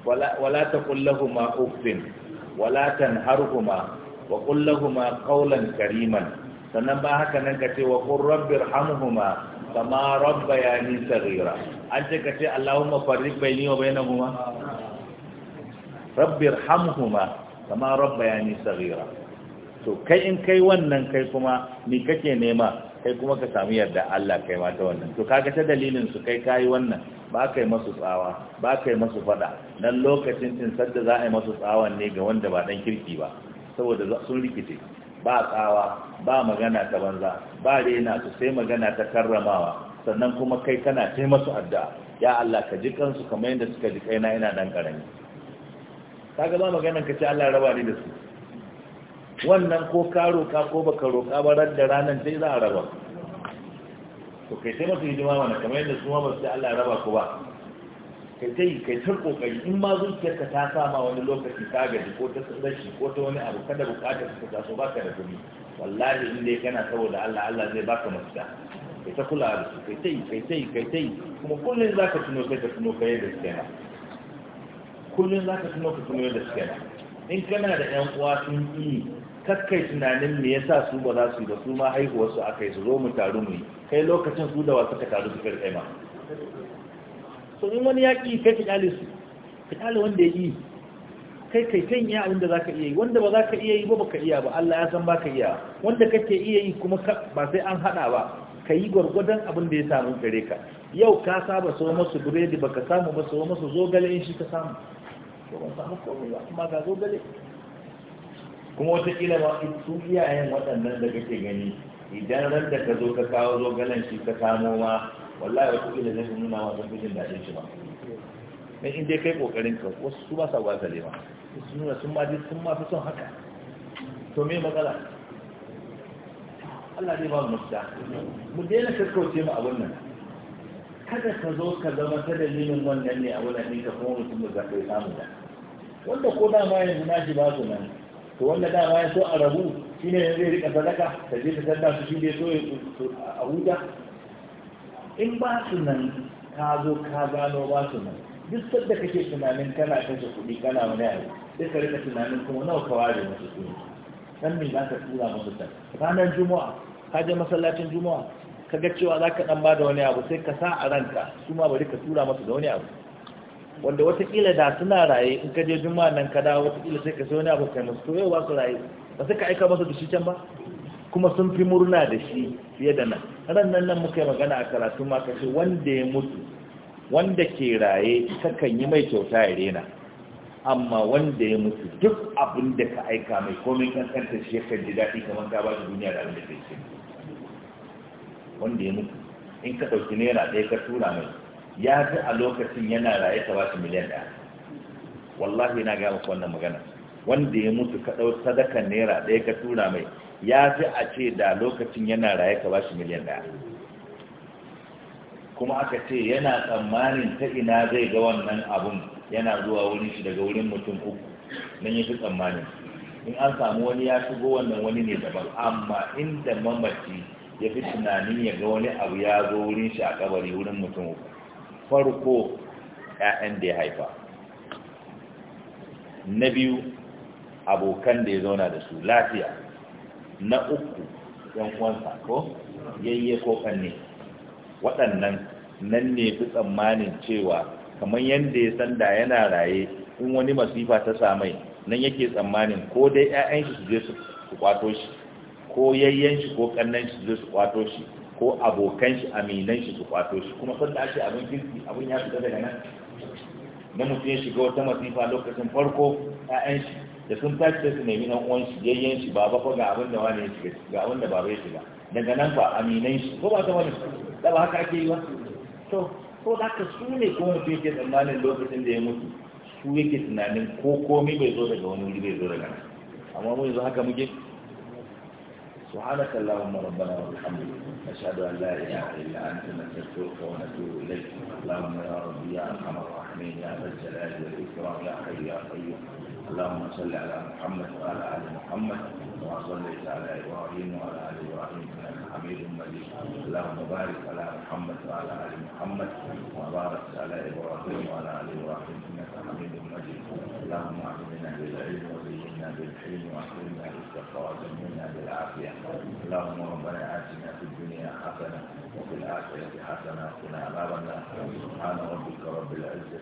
wala ta kullahuma uffin wala tanharhuma wa kullahuma qawlan kariman sannan ba haka nan ka ce wa qur rabbir hamhuma kama rabbayani saghira an ce ka ce allahumma bai baini wa bainahuma rabbir hamhuma kama rabbayani saghira to kai in kai wannan kai kuma ni kake nema kai kuma ka samu yarda Allah kai ma ta wannan to kaga ta dalilin su kai kai wannan ba kai masu tsawa ba kai masu fada dan lokacin din sadda za a yi masu tsawan ne ga wanda ba dan kirki ba saboda sun rikice ba tsawa ba magana ta banza ba rena su sai magana ta karramawa sannan kuma kai kana kai masu addu'a ya Allah ka ji kansu kamar yadda suka ji kaina ina dan karami kaga ba maganan ka ce Allah raba ni da su wannan ko ka roƙa ko baka roƙa ba ran da ranar sai za a raba to kai sai masu hidima mana kamar yadda su ma ba su Allah raba ku ba kai sai kai ta kokari in ma zuciyarka ta sama wani lokaci ta gaji ko ta rashi ko ta wani abu kada bukatar ka so baka da kuɗi wallahi in dai kana saboda Allah Allah zai baka mafita kai ta kula da su kai sai kai sai kai sai kuma kullum za ka tuno kai ta tuno kai da suke na kullum za ka tuno ka tuno da suke na in kana da 'yan uwa sun yi kakkai tunanin me yasa su ba za su yi ba su ma haihuwar su aka yi su zo mu taru mu yi kai lokacin su da wasu ka taru su kai ma so in wani ya ki kai ka su ka wanda ya yi kai kai kan iya abinda za ka iya yi wanda ba za ka iya yi ba baka iya ba Allah ya san ba ka iya wanda kake iya yi kuma ba sai an hada ba ka yi gwargwadon abin da ya samu gare ka yau ka saba so masu biredi baka samu ba so masu zogale in shi ka samu to ban samu komai ba amma ga zogale kuma wataƙila ma su iyayen waɗannan da kake gani idan ran da ka zo ka kawo galan shi ka samo ma wallahi ila zai nuna ma sun fi jin daɗin shi ba dan in kai kokarin ka wasu su ba sa ba zale ma su nuna sun ma sun ma fi son haka to me matsala Allah dai ba mu mafita mu daina kaskauce mu abin nan kada ka zo ka zama ta dalilin wannan ne a wannan ɗinka kuma mutum da zaɓe samu da wanda ko da yanzu na shi ba su nan to wanda dama ya so a rabu shi ne zai rika sadaka ta je ta sadda su shi ne so a wuta in ba su nan ka zo ka gano ba su nan duk sadda kake tunanin kana kashe kuɗi kana wani abu sai ka rika tunanin kuma nawa ka ware masu tsoro dan min za ka tura masu ta ranar juma'a ka je masallacin juma'a ka ga cewa za ka ɗan ba da wani abu sai ka sa a ranka su ma bari ka tura masu da wani abu wanda watakila da suna raye in ka je nan ka dawo watakila sai ka sai wani abu kai musu to yau ba su raye ba sai ka aika masa da shi can ba kuma sun fi murna da shi fiye da nan ran nan nan muka yi magana a karatu ma ka ce wanda ya mutu wanda ke raye kakan yi mai kyauta ya rena amma wanda ya mutu duk abin da ka aika mai komai kankanta shi ya kan ji daɗi kamar ka ba shi duniya da abin da ke wanda ya mutu in ka ɗauki yana ɗaya ka tura mai ya fi a lokacin yana raye ta bashi miliyan ɗaya wallahi na gaya muku wannan magana wanda ya mutu ka ɗau sadakan naira ɗaya ka tura mai ya fi a ce da lokacin yana raye ka bashi miliyan ɗaya kuma aka ce yana tsammanin ta ina zai ga wannan abun yana zuwa wurin shi daga wurin mutum uku nan ya fi tsammanin in an samu wani ya shigo wannan wani ne daban amma inda mamaci ya fi tunanin ya ga wani abu ya zo wurin shi a kabari wurin mutum uku farko ‘ya'yan da ya haifa na biyu abokan da ya zauna da su lafiya na uku ‘yan uwansa ko yayye ko kanne waɗannan nan ne fi tsammanin cewa kamar yadda ya san da yana raye in wani masifa ta samai nan yake tsammanin ko dai ‘ya'yan shi su je su kwato shi ko yayyen shi ko kannan shi su je su kwato shi ko abokan shi aminan shi su kwato shi kuma sun da ake abin girki abin ya fita daga nan na mutum ya shiga wata masifa lokacin farko 'ya'yan shi da sun tashi su nemi nan uwan shi yayyen shi baba ko ga abin da wani ya shiga ga abin da baba ya shiga daga nan fa aminan shi ko ba ta wani da ba haka ake yi ba to ko da haka su ne ko mutum yake tsammanin lokacin da ya mutu su yake tunanin ko komai bai zo daga wani wuri bai zo daga nan amma mun yanzu haka muke سبحانك اللهم ربنا وبحمدك نشهد أن لا إله إلا أنت نستغفرك ونتوب إليك اللهم يا رب يا أرحم الراحمين يا ذا الجلال والإكرام يا حي يا قيوم اللهم صل على محمد وعلى آل محمد وصليت على إبراهيم وعلى آل إبراهيم إنك حميد مجيد اللهم بارك على محمد وعلى آل محمد وبارك على إبراهيم وعلى آل إبراهيم إنك حميد مجيد اللهم أعطنا بالعلم وزينا بالحلم وأكرمنا بالتقوى اللهم ربنا آتنا في الدنيا حسنة وفي الآخرة حسنة وقنا عذاب النار سبحان ربك رب العزة